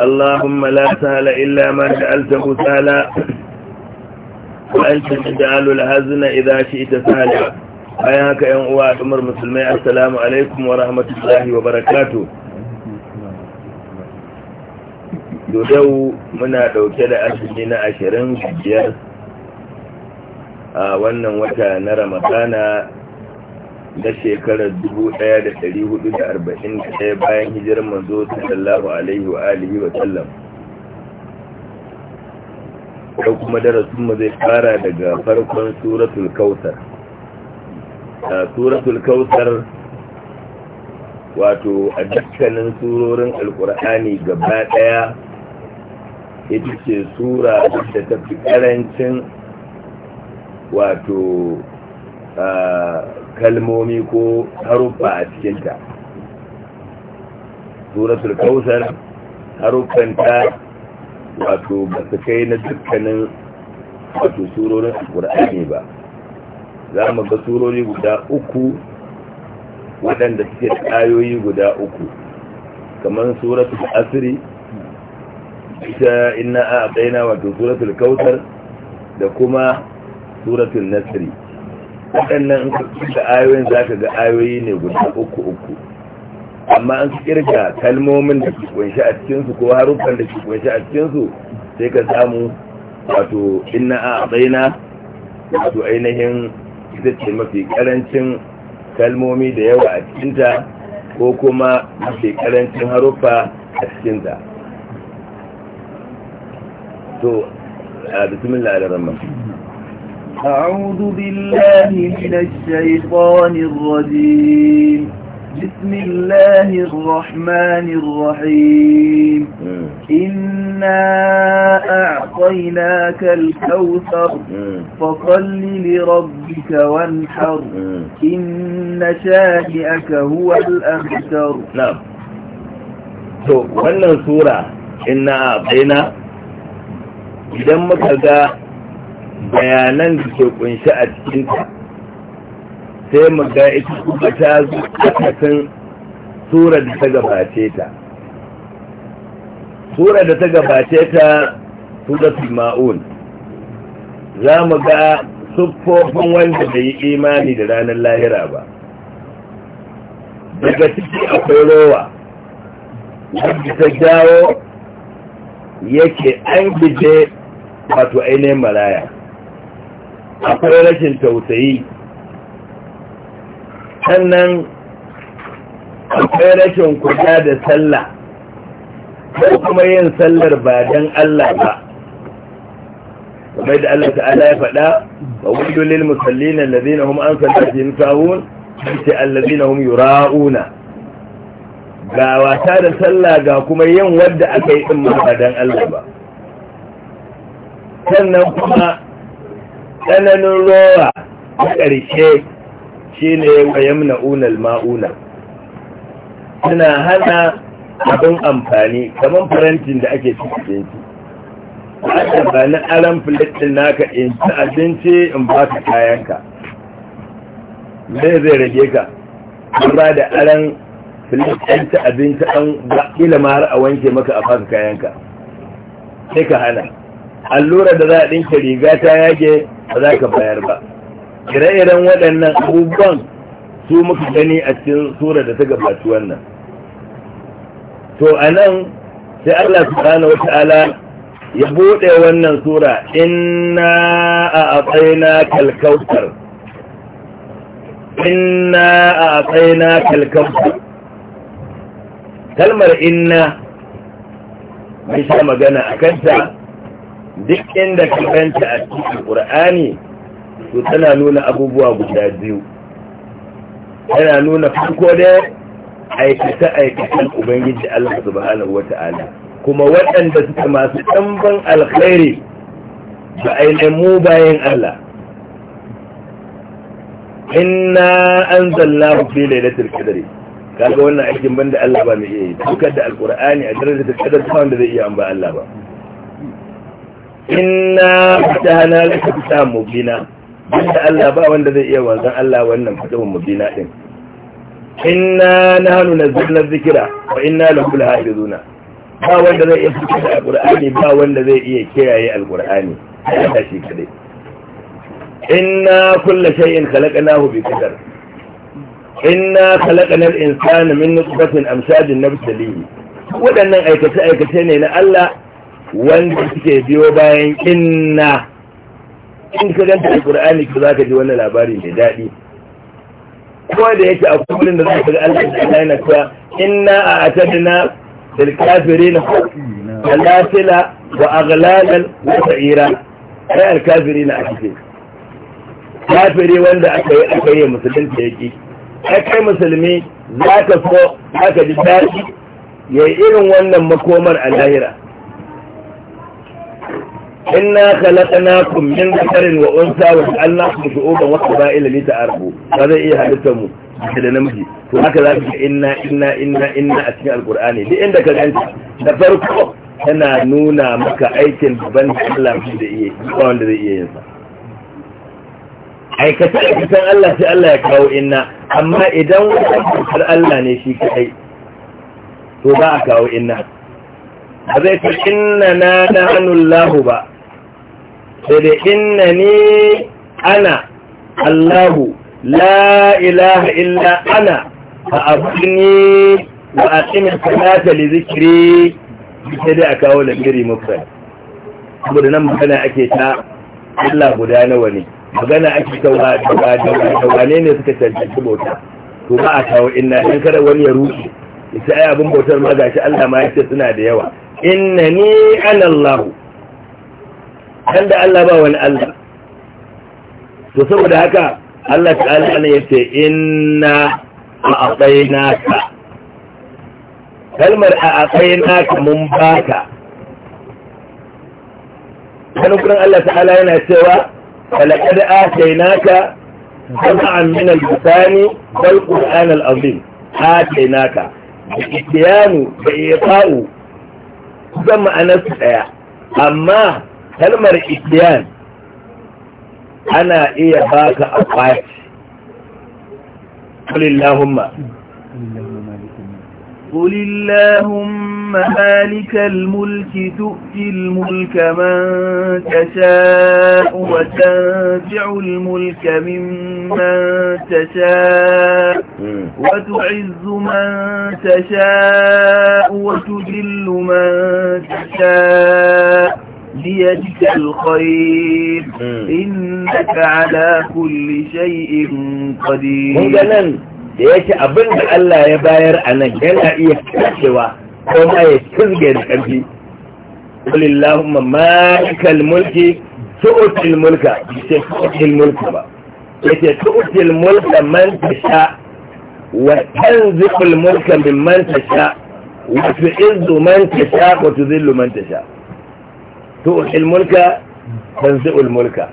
اللهم لا سهل إلا ما جعلته سهلا وأنت تجعل الهزن إذا شئت سهلا أياك يا أمواء عمر مسلمي السلام عليكم ورحمة الله وبركاته yau muna ɗauke da asibiti na ashirin biyar a wannan wata na ramadana na shekarar 1441 bayan hijirar manzo sallahu alaihi wa alihi wa sallam ko kuma darasin mu zai fara daga farkon suratul a suratul kautar wato a dukkanin surorin alkur'ani gaba daya ita ce sura da ta fi karancin wato kalmomi ko haruffa a cikinta suratul kausar haruffanta wato ba su kai na dukkanin wato surorin alkur'ani ba za mu ga surori guda uku waɗanda suke da ayoyi guda uku kamar suratul asiri ita ina a wato suratul kautar da kuma suratul nasiri waɗannan in ka ayoyin za ka ga ayoyi ne guda uku uku amma an kirga kalmomin da ke kunshi a cikinsu ko haruffan da ke kunshi a cikinsu sai ka samu wato inna a tsaina wato ainihin ita ce mafi karancin kalmomi da yawa a cikinta ko kuma mafi karancin haruffa a cikinta to a bismillah da ramar أعوذ بالله من الشيطان الرجيم بسم الله الرحمن الرحيم إنا أعطيناك الكوثر فصل لربك وانحر إن شاهئك هو الأبتر نعم تو wannan sura inna abaina idan muka bayanan da ke kunshi a cikinta sai mu ga ita kuma ta zo akasin surar da ta gabace ta surar da ta gabace ta suratul ma'un za mu ga siffofin wanda bai yi imani da ranar lahira ba daga ciki akwai rowa wadda ta jawo yake an gije wato ainihin maraya akwai rashin tausayi sannan akwai rashin kula da sallah ko kuma yin sallar ba don Allah ba kamar da Allah ta'ala ya faɗa wa wujudu lil musallin allazina hum an sallatihim sahun sai na hum yura'una ga wata da sallah ga kuma yin wadda aka yi din ba don Allah ba sannan kuma tsananin rowa a ƙarshe shi ne wa yamna unal ma'una suna hana abin amfani kamar farantin da ake cin Ba a tabbani aran filistin naka in ci abinci in ba ka kayanka zai zai rage ka ba da aran filistin ci abinci an ba ila mara a wanke maka a ba ka kayanka sai ka hana allura da za a ɗinka riga ta yage ba za ka bayar ba ire-iren waɗannan abubuwan su muka gani a cikin sura da ta gabaci wannan to a nan sai allah subhanahu wa ta'ala ya buɗe wannan sura inna a atsaina kalkautar inna a atsaina kalkautar kalmar inna mai magana a kanta duk inda ka ganta a cikin ƙur'ani to tana nuna abubuwa guda biyu tana nuna farko da aikata aikatan ubangiji Allah subhanahu wata'ala kuma waɗanda suka masu ɗanban alkhairi ba a yi mu bayan Allah inna an zalla fi lailatul qadri kaga wannan aikin banda Allah ba mai iya yi dukkan da alqur'ani a darajar kadar ta da zai iya an ba Allah ba inna fatahna laka fitahan mubina da Allah ba wanda zai iya wanzan Allah wannan fitahan mubina din inna nahnu nazzalna dhikra wa inna lahu lahafizuna ba wanda zai iya fitar da alqur'ani ba wanda zai iya kiyaye alqur'ani Allah shi kadai inna kulla shay'in khalaqnahu bi qadar inna khalaqna al-insana min nutfatin amshajin nabtalihi waɗannan aikace aikace ne na Allah wanda suke biyo bayan inna in ka ganta alkur'ani za ka ji wannan labarin mai daɗi ko da yake a kullun da zaka ga Allah ya yana cewa inna a'tadna lil kafirin salatila wa aghlalan wa sa'ira sai al kafirin a cikin kafiri wanda aka yi aka yi musulunta yake kai musulmi za ka so za ka ji daɗi yayi irin wannan makomar a lahira inna khalaqnakum min dhakarin wa unsa wa ja'alnakum shu'uban wa qaba'ila lita'arafu ba zai iya halittar mu da namiji to haka za ka inna inna inna inna a cikin alqur'ani duk inda ka ganta da farko tana nuna maka aikin daban da Allah da iya ba wanda zai iya yin sa aikata aikatan Allah sai Allah ya kawo inna amma idan wani aikar Allah ne shi kai to ba a kawo inna ba zai ka inna na na hannun lahu ba sai dai inna ni ana Allahu la ilaha illa ana fa abudni wa aqim salata li zikri sai dai a kawo lamiri mufrad saboda nan magana ake ta Allah guda nawa ne magana ake tawa da wane ne suka cancanci bauta to ba a kawo inna in kada wani ya rufe ita ai abin bautar ma gashi Allah ma yace suna da yawa Inna ni, ana Allahu dan da Allah ba wani Allah to saboda haka Allah ta'ala ne yace inna a'tainaka kalmar a'tainaka mun baka kan kuran Allah ta'ala yana cewa laqad atainaka sam'an min al-lisani wal qur'an al-azim atainaka bi'tiyanu da ifa'u zama anas daya amma kalmar itiyan ana iya baka akwati قل اللهم قل اللهم مالك الملك تؤتي الملك من تشاء وتنزع الملك ممن تشاء وتعز من تشاء وتذل من تشاء بيدك الخير إنك على كل شيء قدير مجنن يأتي أبن الله يباير أنا جنع يكتشوا وما يستذجر أبي قل اللهم مالك الملك تؤتي الملك تؤتي الملك ما يأتي تؤتي الملك من تشاء وتنزق الملك ممن تشاء وتعز من تشاء وتذل من تشاء tu'ul ilmulka, tanzi'ul mulka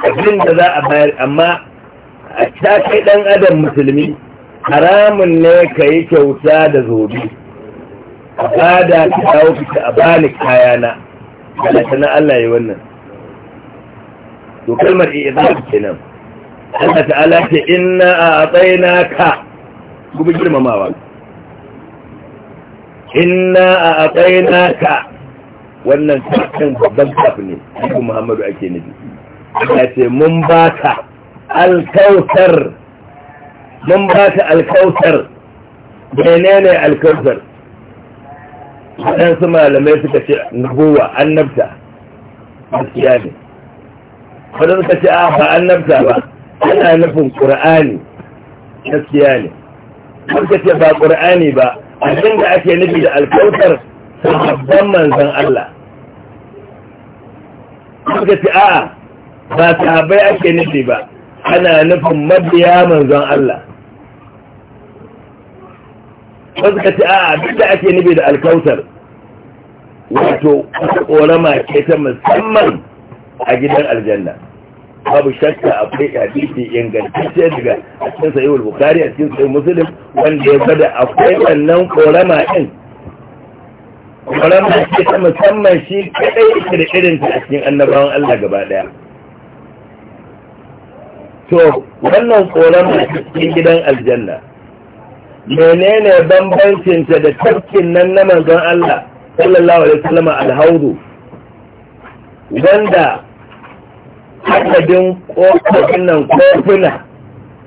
abin da za a bayar amma a ta kai dan adam musulmi haramun ne ka yi kyauta da zobe a bada ki dawo fita a bani kayana galata na Allah ya wannan to kalmar i'zab kenan Allah ta'ala ce inna a'tainaka kuma girmamawa inna ka. wannan kafin babban kafin ne annabi muhammadu ake nufi ya ce mun ba ka alkautar mun ba ka alkautar menene alkautar waɗansu malamai suka ce nubuwa annabta gaskiya ne waɗansu suka ce a ba annabta ba ana nufin ƙura'ani gaskiya ne suka ce ba ƙur'ani ba abinda ake nufi da alkautar sahabban manzan Allah suka ce a'a ba sahabbai ake nufi ba ana nufin mabiya manzan Allah suka ce a'a duk da ake nufi da alkautar wato wata ƙorama ke ta musamman a gidan aljanna babu shakka akwai hadisi ingantacce daga a cikin sayi bukari a cikin sayi musulun wanda ya bada akwai wannan ƙorama ɗin da ce ta musamman shi kaɗai ita da irinta a cikin annabawan Allah gaba ɗaya to wannan da a cikin gidan aljanna menene bambancinta da tafkin nan na manzon Allah sallallahu alaihi wasallam alhaudu wanda adadin kofin nan kofuna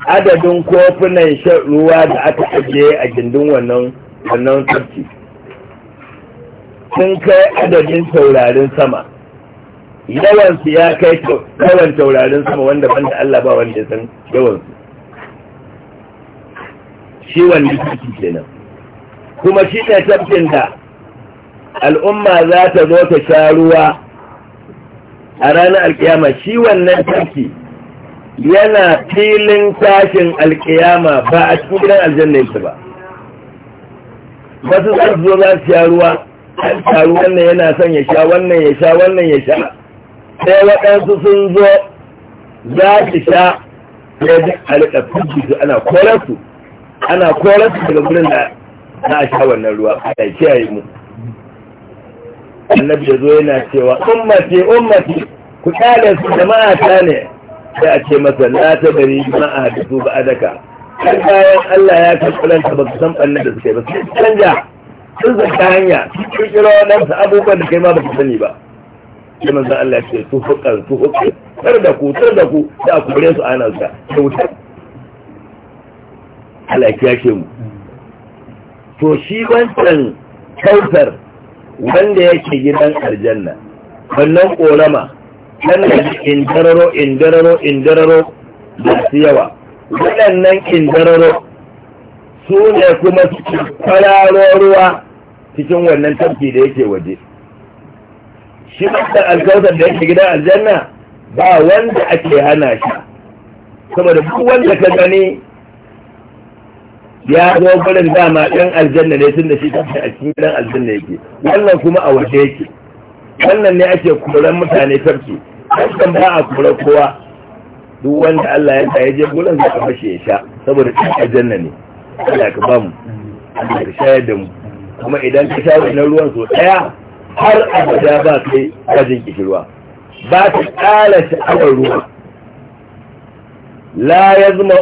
adadin kofunan shan ruwa da aka ajiye a gindin wannan wannan tafki sun kai adadin taurarin sama yawansu ya kai yawan taurarin sama wanda banda Allah ba wanda ya san yawansu shi wanda kiki kenan kuma shi ne tabbin da al'umma za ta zo ta sha ruwa a ranar alkiyama shi wannan tabbi yana filin tashin alkiyama ba a cikin gidan aljanna yake ba wasu za su zo za su sha ruwa taru wannan yana son ya sha wannan ya sha wannan ya sha sai waɗansu sun zo za su sha ya ji alƙa fuji su ana korarsu ana korasu daga gurin da za a sha wannan ruwa a kiyaye mu annabi ya zo yana cewa ummati ummati ku kyale su jama'a ta ne sai a ce masa na ta gari jama'a da su ba adaka kan bayan Allah ya kalkulanta ba su san ɓannan da suka yi ba su canja sun ta hanya kirkiro waɗansu abubuwan da kai ma su sani ba sai manzan Allah ya ce su fukan su fukan tar da ku tar da ku da a bare su ana su da wuta Allah ya kiyashe mu to shi wancan kautar wanda yake gidan aljanna wannan korama tana indararo indararo indararo da su yawa waɗannan indararo su ne kuma suke kararo ruwa cikin wannan tafki da yake waje shi da alkautar da yake gidan aljanna ba wanda ake hana shi saboda duk wanda ka gani ya zo gudun dama ɗan aljanna ne tun da shi tafi a cikin gidan aljanna yake wannan kuma a waje yake wannan ne ake koran mutane tafki hakan ba a kura kowa duk wanda Allah ya sa ya je gurin zai fashe ya sha saboda cikin aljanna ne Allah ka ba mu Allah ka shayar da mu kuma idan ka shayar da ruwan so daya har abada ba kai kajin kishirwa ba ta kala sha'awar ruwa la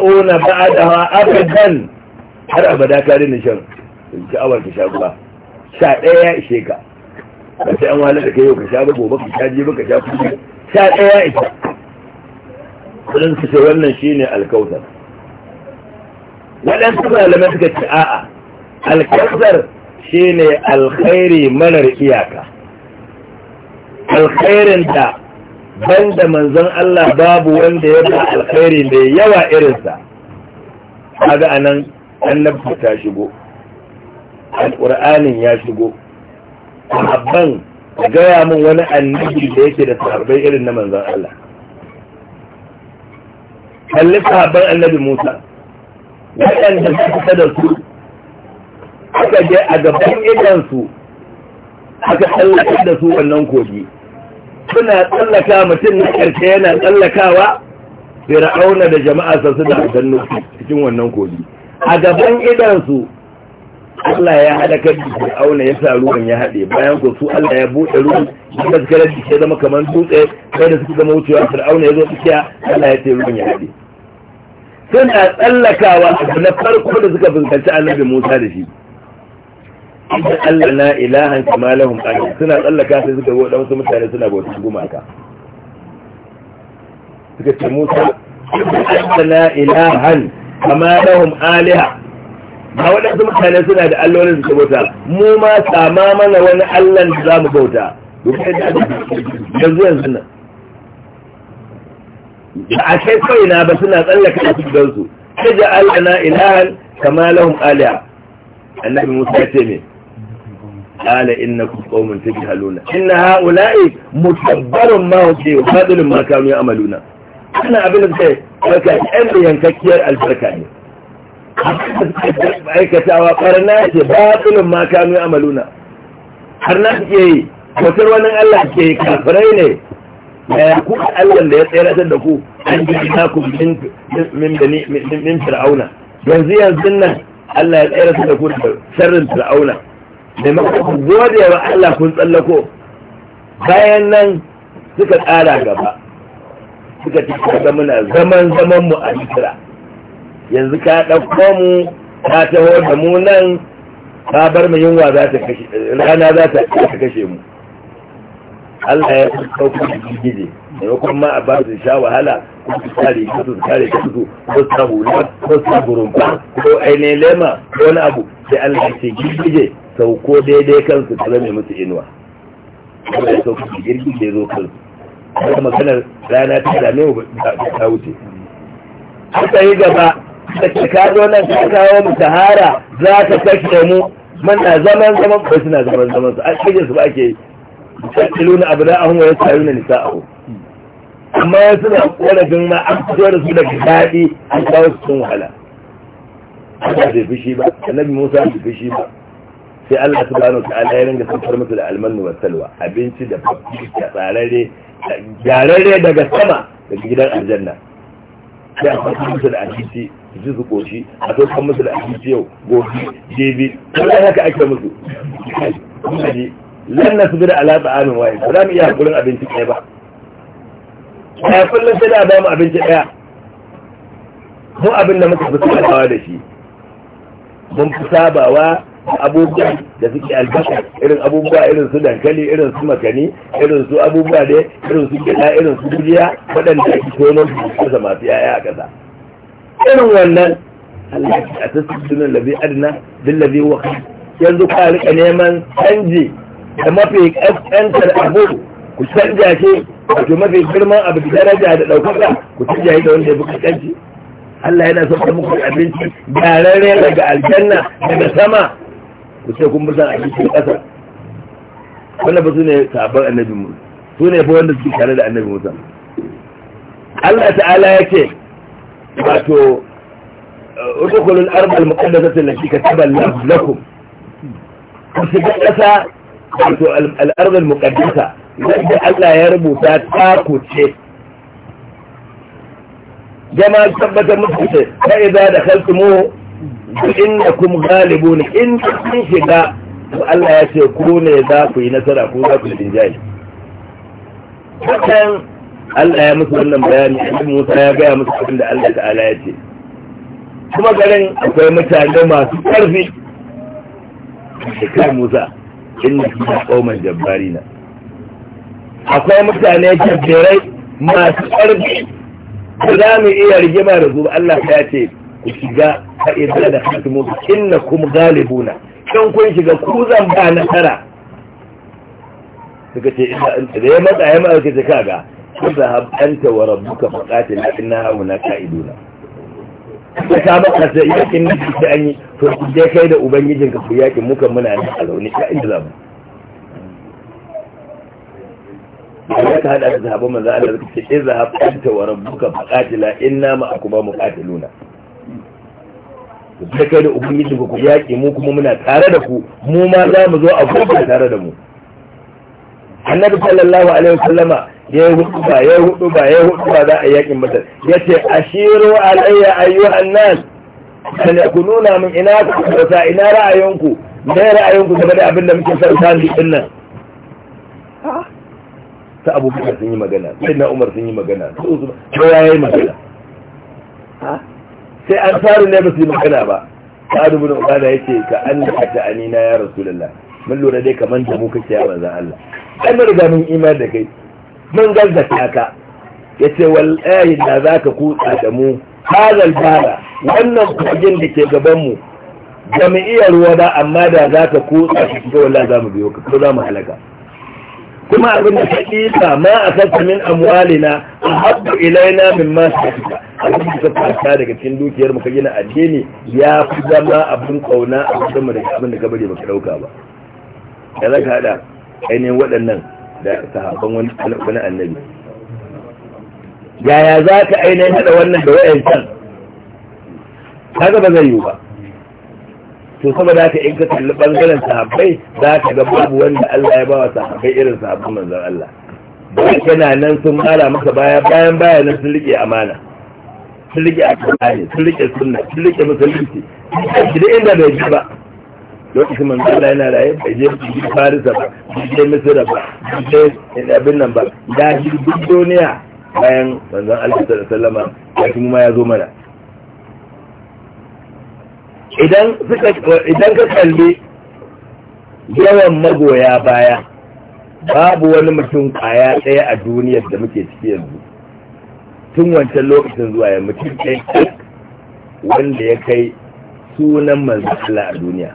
ona ba da ba'daha abadan har abada ka dina shan sha'awar ka sha ruwa sha daya ya ishe ka ba sai an wahala da kai yau ka sha ba gobe ka sha je ba ka sha kuma sha daya ya ishe kudin su sai wannan shine alkautar waɗansu malamai suka ce a'a shi ne alkhairi manar iyaka alkhairin da banda manzon Allah babu wanda ya ba alkhairi mai yawa irinsa kaga anan annabta ta shigo alƙur'anin ya shigo abban gaya min wani annabi da yake da sahabbai irin na manzon Allah kalli sahabban annabi Musa waɗanda su kusa da su aka je a gaban idansu aka tsallaka da su wannan kogi suna tsallaka mutum na ƙarshe yana tsallakawa fir'auna da jama'a sa suna gannu cikin wannan kogi a gaban idansu Allah ya kan da fir'auna ya sa ruwan ya haɗe bayan ku su Allah ya buɗe ruwan ya gaskara da ke zama kamar dutse sai da suka zama wucewa fir'auna ya zo tsakiya Allah ya ce ruwan ya haɗe suna tsallakawa abu na farko da suka fuskanci annabi Musa da shi idan Allah na ilahan kama lahum suna tsallaka sai suka goda wasu mutane suna bautar gumaka suka ce Musa Allah na ilahan kama lahum aliha ba waɗansu mutane suna da allolin su bauta mu ma sama mana wani Allah da za mu bauta yanzu yanzu nan ba a kai ko'ina ba suna tsallaka a cikinsu sai da alana ilahan kama lahun aliya annabi musa ya ce ne ala inna kun qaumun tajhaluna inna haula'i mutabbarun ma huwa wa fadilun ma kanu ya'maluna ana abin da sai baka yan yankakkiyar albarka ne aikatawa barna ce batilun ma kanu ya'maluna har na ke yi wata wani Allah ke kafirai ne ya ku Allah da ya tsayar da ku an ji na ku min min fir'auna yanzu yanzu nan Allah ya tsayar da ku da sharrin fir'auna da maka gode wa Allah kun tsallako bayan nan suka tsara gaba suka ci kaga muna zaman zaman mu a Misra yanzu ka ɗauko mu ka taho da mu nan ka bar mu yunwa za ta kashe rana za ta kashe mu Allah ya fi sauƙi da girgije maimakon ma a ba su sha wahala ko su kare su su kare su ko su sa hula ko su sa gurumfa ko ainihin lema ko wani abu sai Allah ya ce girgije sauko daidai kansu ta zame musu inuwa Allah ya sauka da girgije zo kansu wata maganar rana ta dame mu ta wuce haka yi gaba da ka kazo nan ta kawo mu tahara za ta kashe mu muna zaman zaman ba suna zaman zaman su a cikin su ba ake yuqatiluna abna'ahum wa yasaruna nisa'ahu amma suna korafin ma an fito da su da daɗi an kawo su sun wahala Allah bai fushi ba annabi Musa bai fushi ba sai Allah subhanahu wa ta'ala ya ringa saukar musu da almanu wa salwa abinci da fafi da tsararre gararre daga sama daga gidan aljanna sai a saukar musu da abinci su ji su koshi a kan musu da abinci yau gobe jebi kuma haka ake musu lan sabira ala ta'amin waye ba za mu iya hakurin abinci ɗaya ba ya kullum sai da ba mu abinci ɗaya mu abin da muka fi sabawa da shi mun fi sabawa abubuwa da suke albasa irin abubuwa irin su dankali irin su makani irin su abubuwa da irin su gida irin su gujiya waɗanda ake tono su kasa masu yaya a ƙasa irin wannan Allah ya ta sunan labi adina din labi wa yanzu ka rika neman canji da mafi ƙasƙantar abu ku canja shi wato mafi girman abu da daraja da ɗaukaka ku canja shi da wanda ya fi ƙasƙanci Allah yana son ta muku abinci gyararre daga aljanna daga sama ku ce kun busan abincin ƙasa wannan ba su ne sabon annabi mu su ne fa wanda suke tare da annabi musa Allah ta'ala ya ce wato udukulul al muqaddasati allati kataba lakum ku shiga ƙasa wato al'arzar muƙaddisa wanda Allah ya rubuta taku ce jama tabbatar muku ce ta iza da kaltumo inda kuma galibu ne in kun shiga to Allah ya ce ku ne za ku yi nasara ko za ku yi rinjaye hakan Allah ya musu wannan bayani annabi Musa ya gaya musu abin da Allah ta'ala ya ce kuma garin akwai mutane masu ƙarfi da kai Musa inna kuma fi qauman na akwai mutane jabbarai masu ƙarfi ba za mu iya rigima da zuwa Allah ya ce ku shiga fa'ida da hakimu inna kuma galibuna kan kun shiga ku zan ba nasara suka ce da ya matsa ya ma'aikata ka ga kun zahabanta wa rabbuka faqatil inna na ka'iduna ka ta baka sai yakin da ke an yi to je kai da ubangijin ka ku yakin muka muna nan a zaune ta inda zamu ya ka hada da sahabban manzo Allah ka ce izhab anta wa rabbuka faqatila inna ma'akuma muqatiluna da kai da ubangijin ku yaƙi mu kuma muna tare da ku mu ma za mu zo a gobe tare da mu annabi sallallahu alaihi wasallama ya yi hudu ba ya yi hudu ba ya yi hudu ba za a yakin masar ya ce ashiru alayya ayyuhan nas kan ku nuna min ina ku kusa ina ra'ayinku me ra'ayinku game da abin da muke sarrafa ni din nan ta abubuwan sun yi magana sai na umar sun yi magana ko ya yi magana sai an faru ne ba su yi magana ba sa'adu bin ya ce ka da annaka anina ya rasulullah mun lura dai kaman da mu kake ya manzo Allah ai mun min mun imani da kai mun gazzata ka Ya yace wallahi da zaka kutsa da mu hazal bala wannan kogin da ke gabanmu mu jami'iyar wada amma da za ka kutsa shi ga za zamu biyo ka ko zamu halaka kuma abin da hakika ma sassa min amwalina haɗu ilaina mimma sakata abin da ka fata daga cikin dukiyar mu ka gina addini ya fi zama abin kauna a cikin mu da abin da ka bari ba ka dauka ba Ya zaka hada ainihin waɗannan da sahabban wani annabi yaya za ka ainihin haɗa wannan da can kaga ba zai yiwu ba to saboda haka in ka kalli ɓangaren sahabbai za ka ga babu wanda Allah ya bawa sahabbai irin sahabban manzan Allah ba nan sun mara maka baya bayan bayan nan sun rike amana sun rike alƙur'ani sun rike sunna sun rike musulunci sun da inda bai ji ba lokacin manzo Allah yana raye bai je Farisa ba bai je Misra ba bai je abin nan ba ya shi duk duniya bayan manzon Allah sallallahu alaihi wasallam ya kuma ya zo mana idan suka idan ka kalli yawan magoya baya babu wani mutum kaya ɗaya a duniya da muke ciki yanzu tun wancan lokacin zuwa ya mutum ɗaya wanda ya kai sunan manzo Allah a duniya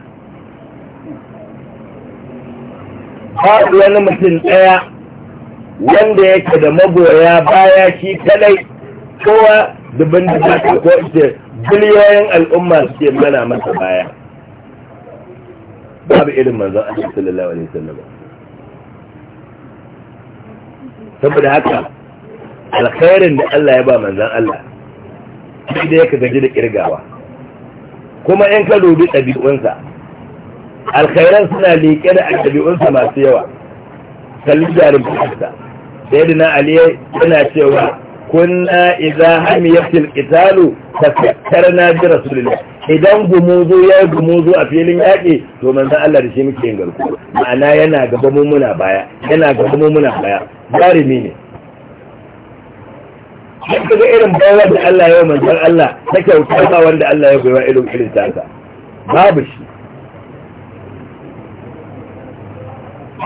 faɗi wani mutum ɗaya wanda yake da magoya baya shi kadai kowa dubin da za ta ko ita biliyoyin al'umma suke mana masa baya babu irin manzon Allah sallallahu alaihi wasallam saboda haka alkhairin da Allah ya ba manzon Allah shi da yake gaji da kirgawa kuma in ka dubi ɗabi'unsa alkhairan suna leƙe da ɗabi'unsa masu yawa kalli fahimta sai da na aliyu yana cewa kunna idza hamiyatil fitar na bi rasulina idan gumuzu ya gumuzu a filin yaƙi to san Allah da shi muke yin garku ma'ana yana gaba mummuna baya yana gaba mummuna baya jarumi ne Ka kaga irin bayar da Allah ya yi manzan Allah ta kyauta ba wanda Allah ya goyi irin irin tasa babu shi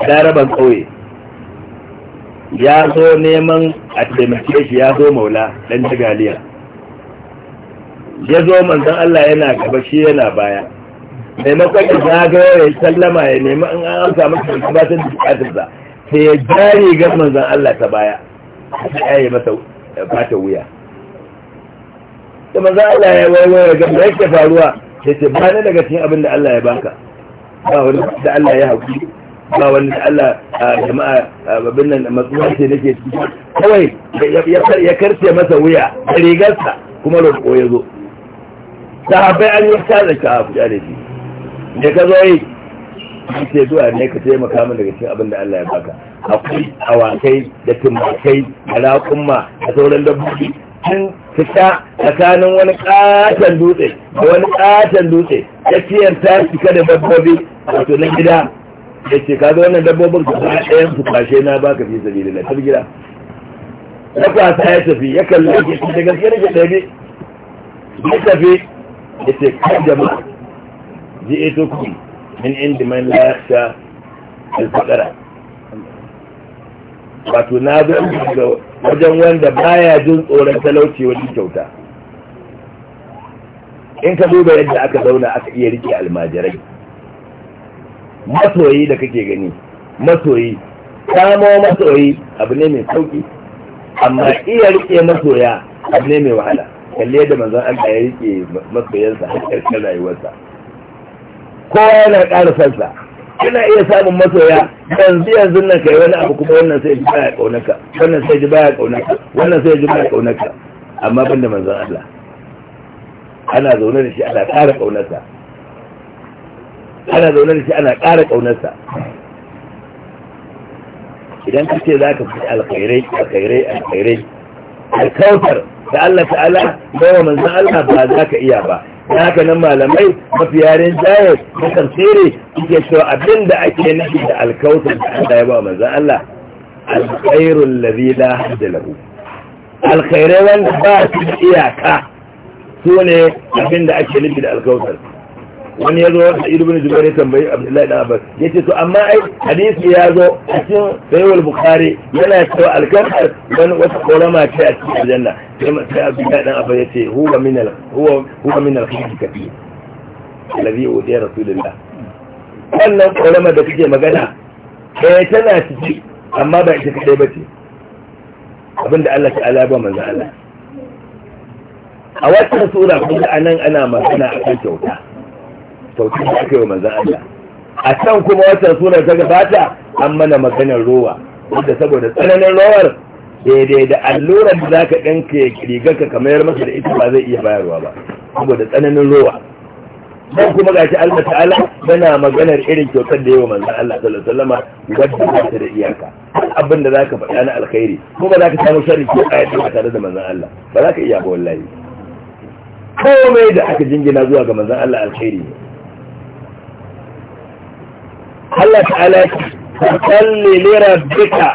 Garaban ƙauye ya zo neman a taimake shi ya zo maula ɗan tagaliya ya zo manzan Allah yana gaba shi yana baya maimakon da zagaye ya sallama ya nemi an amsa masa da gabatar da bukatarsa sai ya jari ga manzan Allah ta baya ya yi masa fata wuya da manzan Allah ya waiwaya ga da yake faruwa sai ce ba daga cikin abin da Allah ya baka ba wani da Allah ya hakuri ba wani Allah jama'a babin nan matsuwa ce nake ciki kawai ya karce masa wuya da rigarsa kuma roƙo ya zo sahabbai an yi sada ka a da shi da ka zo yi an ce zuwa ne ka taimaka min daga cikin abin da Allah ya baka akwai awakai da tumakai da raƙumma da sauran dabbobi sun fita tsakanin wani ƙaton dutse da wani ƙaton dutse tsakiyar ta cika da dabbobi wato na gida ya ce kaga wannan dabbobin ka ba ɗayan su kwashe na baka fi sabi da latar gida ya kwasa ya tafi ya kalli ya ce da gaske nake ɗabi ya tafi ya ce ka jama ji eto kuma min inda man la sha alfaɗara wato na zo daga wajen wanda baya jin tsoron talauci wani kyauta in ka duba yadda aka zauna aka iya rike almajirai masoyi da kake gani masoyi samo masoyi abu ne mai sauki amma iya rike masoya abu ne mai wahala kalli yadda manzon Allah ya rike masoyansa har karshen rayuwarsa kowa yana ƙara sansa kana iya samun masoya yanzu yanzu nan kai wani abu kuma wannan sai ji baya kaunaka wannan sai ji baya kaunaka wannan sai ji baya kaunaka amma banda manzon Allah ana zaune da shi ana ƙara kaunarsa ana zaune da shi ana ƙara ƙaunarsa idan ka ce za ka fi alkhairai alkhairai alkhairai alkautar da Allah ta'ala wa manzan Allah ba za ka iya ba da haka nan malamai mafi yaren jayar na kamfere suke cewa abin da ake nufi da alkautar da Allah ya ba wa manzan Allah alkhairun lazi da hadda lahu alkhairai wanda ba su iyaka su ne abin da ake nufi da alkautar wani ya zo wata ibn jubair ya tambayi abdullahi da abbas ya ce to amma ai hadisi ya zo a cikin sayuwar bukhari yana cewa alkanar wani wata korama ce a cikin aljanna sai abdullahi dan abbas ya ce huwa min al huwa huwa min al khayr kafi alladhi udiya rasulullah wannan korama da kuke magana kai eh, tana ciki amma ba ita kadai ce. abinda Allah ta'ala ba manzo Allah a wata sura kuma anan ana magana akan kyauta sauki da aka yi wa manzan Allah a can kuma watan suna ta gabata an mana maganar rowa wadda saboda tsananin rowar daidai da allurar da za ka ɗanke ka kamar masa da ita ba zai iya bayarwa ba saboda tsananin rowa don kuma gashi Allah ta'ala yana maganar irin kyautar da yawa manzan Allah sallallahu alaihi sallama wadda ba ta da iyaka abin da ka faɗa na alkhairi kuma za ka samu sharri ko ayati ba tare da manzan Allah ba za ka iya ba wallahi komai da aka jingina zuwa ga manzan Allah alkhairi ne Allah ta'ala fasalli li rabbika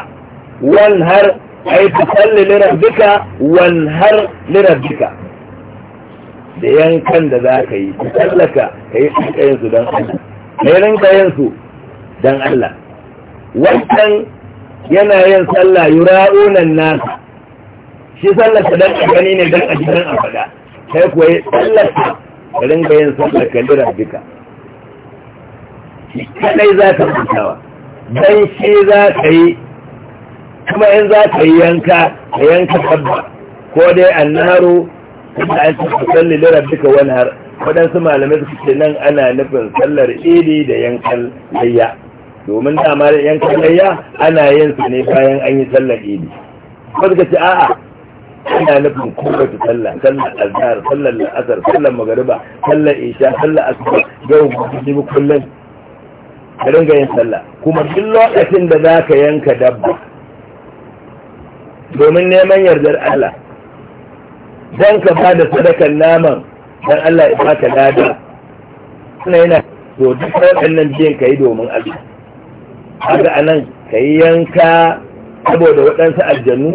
wanhar ay fasalli li rabbika wanhar li rabbika da yankan da za ka yi ka tsallaka ka yi tsakayensu don Allah ka yi rinkayen don Allah wancan yana yin sallah yura'unan nasa shi sallarsa don a gani ne don a gidan a faɗa sai kuwa yi tsallarsa ka yin sallar ka lira duka shi kadai za ka mantawa don shi za ka yi kuma in za ka yi yanka a yanka sabba ko dai annaru kuma an ce salli lura duka wani har waɗansu malamai su ce nan ana nufin sallar idi da yankan layya domin dama da yankan layya ana yin su ne bayan an yi sallar idi ko suka ce a'a ana nufin kowace sallah sallar azhar sallar la'asar sallar magariba sallar isha sallar asuba yau ba su kullum ka ringa yin sallah kuma duk lokacin da za ka yanka dabba domin neman yardar Allah don ka ba da sadakan naman don Allah ya baka lada suna yana to duk waɗannan biyan ka yi domin Allah haka a nan ka yi yanka saboda waɗansu aljanu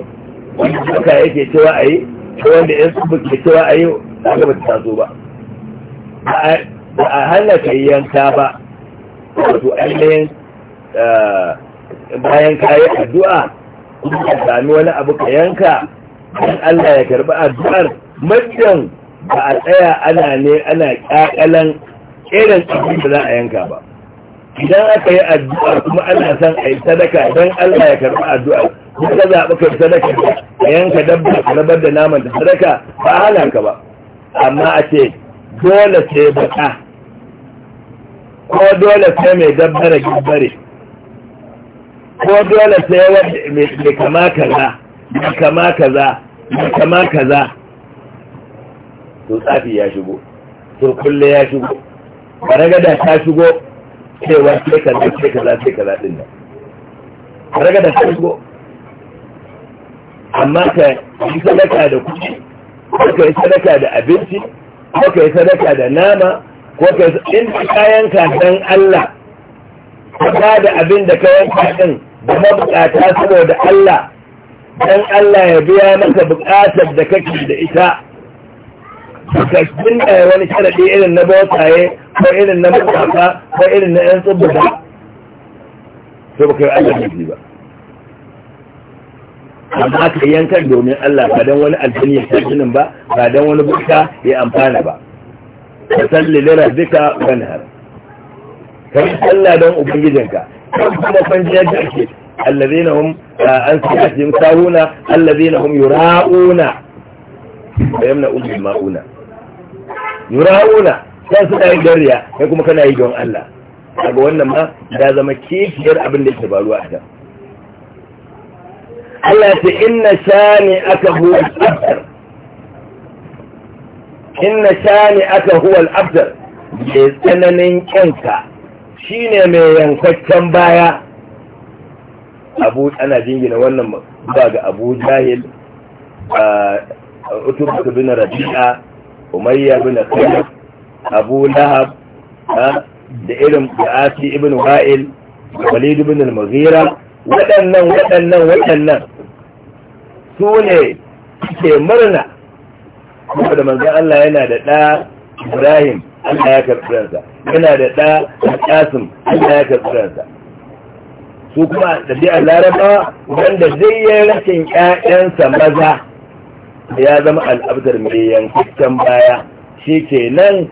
wanda suka yake cewa a yi ko wanda ya su ke cewa a yi ba ta taso ba ba a hana ka yi yanka ba wato ainihin eh, bayan kayi addu'a kuma ka sami wani abu ka yanka don Allah ya karbi addu'ar majdan ba a tsaya ana ne ana ƙaƙalan irin abin da za a yanka ba idan aka yi addu'ar kuma ana son a yi sadaka don Allah ya karbi addu'ar kuma ka zaɓi ka sadaka ka yanka dabba ka rabar da naman da sadaka ba hana ka ba amma a ce dole sai baka ko dole sai mai dabbara gabbare ko dole sai wanda mai kama kaza mai kama kaza mai kama kaza to tsafi ya shigo to kulle ya shigo baragada ta shigo cewa sai kaza sai kaza sai kaza din nan baragada ta shigo amma ka yi sadaka da kuɗi ko ka yi sadaka da abinci ko ka yi sadaka da nama Wata in ka yanka dan Allah ka da abin da ka yanka din da mabukata saboda Allah dan Allah ya biya maka bukatar da kake da ita ka binne wani sharaɗi irin na bautaye ko irin na mutaka ko irin na 'yan tsubuta, sai ba kai Allah ne ba amma ka yankar domin Allah ba don wani alfini ya ba ba don wani bukata ya amfana ba ka salli lira zika wanhar Kan yi don ubangijinka kan kuma kwanciyar da ake allazina hum an sa'atihim sahuna allazina hum yura'una wa yamna'un bil ma'una yura'una sai suna yin dariya kai kuma kana yi don Allah daga wannan ma ya zama kifiyar abin da ke faruwa a can Allah ya ce inna shani aka huwa asar inna shani aka huwal abdar mai tsananin kyanka shi ne mai yankaccen baya abu ana jingina wannan ba ga abu jahil a bin rabi'a umayya bin khalid abu lahab da irin bi'asi ibn wa'il walid ibn al-mughira waɗannan waɗannan waɗannan su ne ke murna kuma da manzan Allah yana da ɗa Ibrahim Allah ya karɓi yana da ɗa Qasim Allah ya karɓi su kuma da bi Laraba wanda zai yi rashin ƴaƴansa maza ya zama al'abdar mai yankakken baya shi ke nan,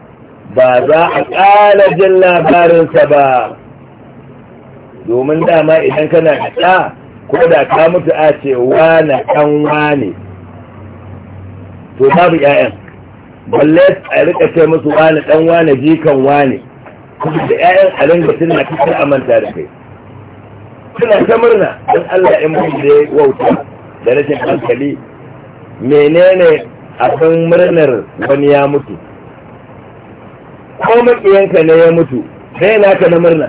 ba za a ƙara jin labarinsa ba domin dama idan kana da ɗa ko da ka mutu a ce na ɗan ne to babu ƴaƴan balle a rika kai musu wani dan wani jikan wani kuma da ƴaƴan a ringa na kitar amanta da kai suna ta murna don Allah in mun da wauta da rashin hankali menene abin murnar wani ya mutu ko maƙiyanka ne ya mutu sai naka na murna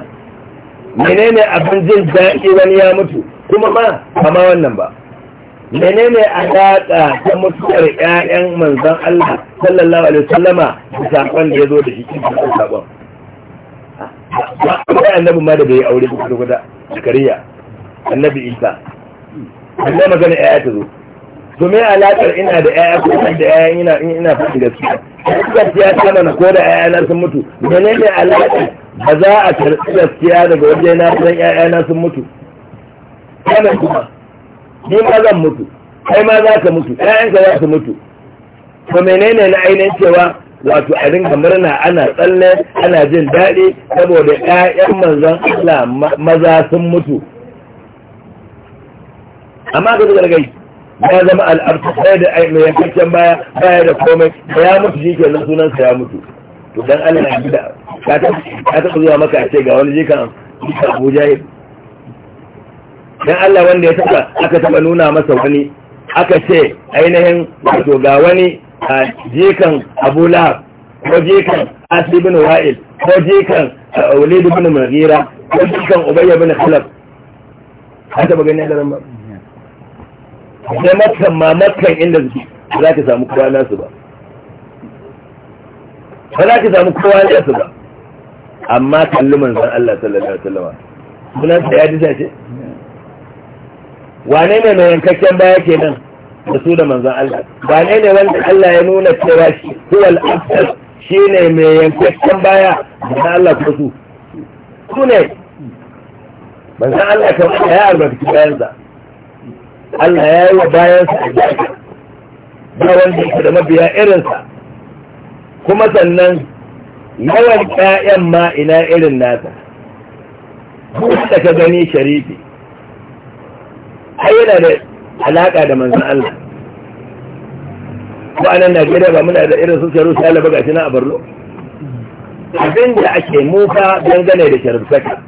menene abin jin daɗi wani ya mutu kuma ma kama wannan ba menene alaƙa ta mutuwar ƴaƴan manzan Allah sallallahu alaihi wasallama da sakon da ya zo da shi cikin sakon ba annabi ma da bai aure da kudu da zakariya annabi isa Allah magana ƴaƴa ta zo to me alaƙar ina da ƴaƴa ko da ƴaƴa ina ina fadin gaskiya gaskiya ta mana ko da ƴaƴana sun mutu menene alaƙar ba za a karɓi gaskiya daga wajen na san ƴaƴa na sun mutu kana kuma ni ma zan mutu kai ma za ka mutu ɗayanka za su mutu to menene na ainihin cewa wato a rinka murna ana tsalle ana jin daɗi saboda ƴaƴan manzon Allah maza sun mutu amma ga zuwa gai ya zama al'abta ɗaya da mai yankakken baya baya da komai da ya mutu shi kenan sunansa ya mutu to dan Allah ya gida ka ta zuwa maka a ce ga wani jikan Abuja dan Allah wanda ya saka aka taba nuna masa wani aka ce ainihin wato ga wani a jikan Abu Lahab ko jikan Asib ibn Wa'il ko jikan Walid ibn Mughira ko jikan Ubayy ibn Khalaf an taba ganin da ba sai makan ma makan inda za ka samu kowa nasu ba ba za ka samu kowa su ba amma kalli manzon Allah sallallahu alaihi wasallam sunan sa ya dace wane ne mai yankakken baya nan da su da manzon Allah wane ne wanda Allah ya nuna cewa shi huwal afsal shine mai yankakken baya da Allah ko su su ne manzon Allah kan ya albarki bayansa Allah ya yi wa bayansa a jaka ba wanda yake da mabiya irinsa kuma sannan yawan ƴaƴan ma ina irin nasa duk da ka gani sharifi ai yana da alaƙa da manzan Allah ko anan Najeriya ba muna da irin su sharu sai Allah shi na a Borno abin da ake muka dangane da sharu saka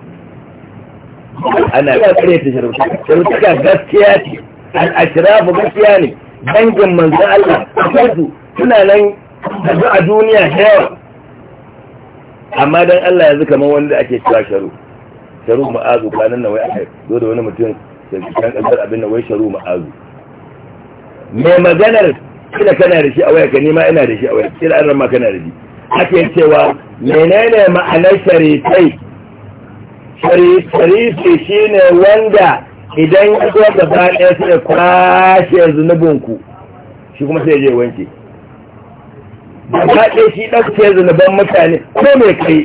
ana kare ta sharu saka sharu saka gaskiya ce al-ashrafu gaskiya ne dangin manzan Allah kansu suna nan a duniya da yawa amma dan Allah yanzu kamar wanda ake cewa sharu sharu ma'azu kwanan nan wai aka zo da wani mutum da kan kasar abin da wai sharu ma'azu mai maganar kila kana da shi a wayarka ni ma ina da shi a wayarka kila an ma kana da shi ake cewa menene ma'anar sharitai sharifi ne wanda idan ya zo gaba ɗaya sai kwashe zunubinku shi kuma sai je wanke gaba ɗaya shi ɗauke zunuban mutane ko mai kai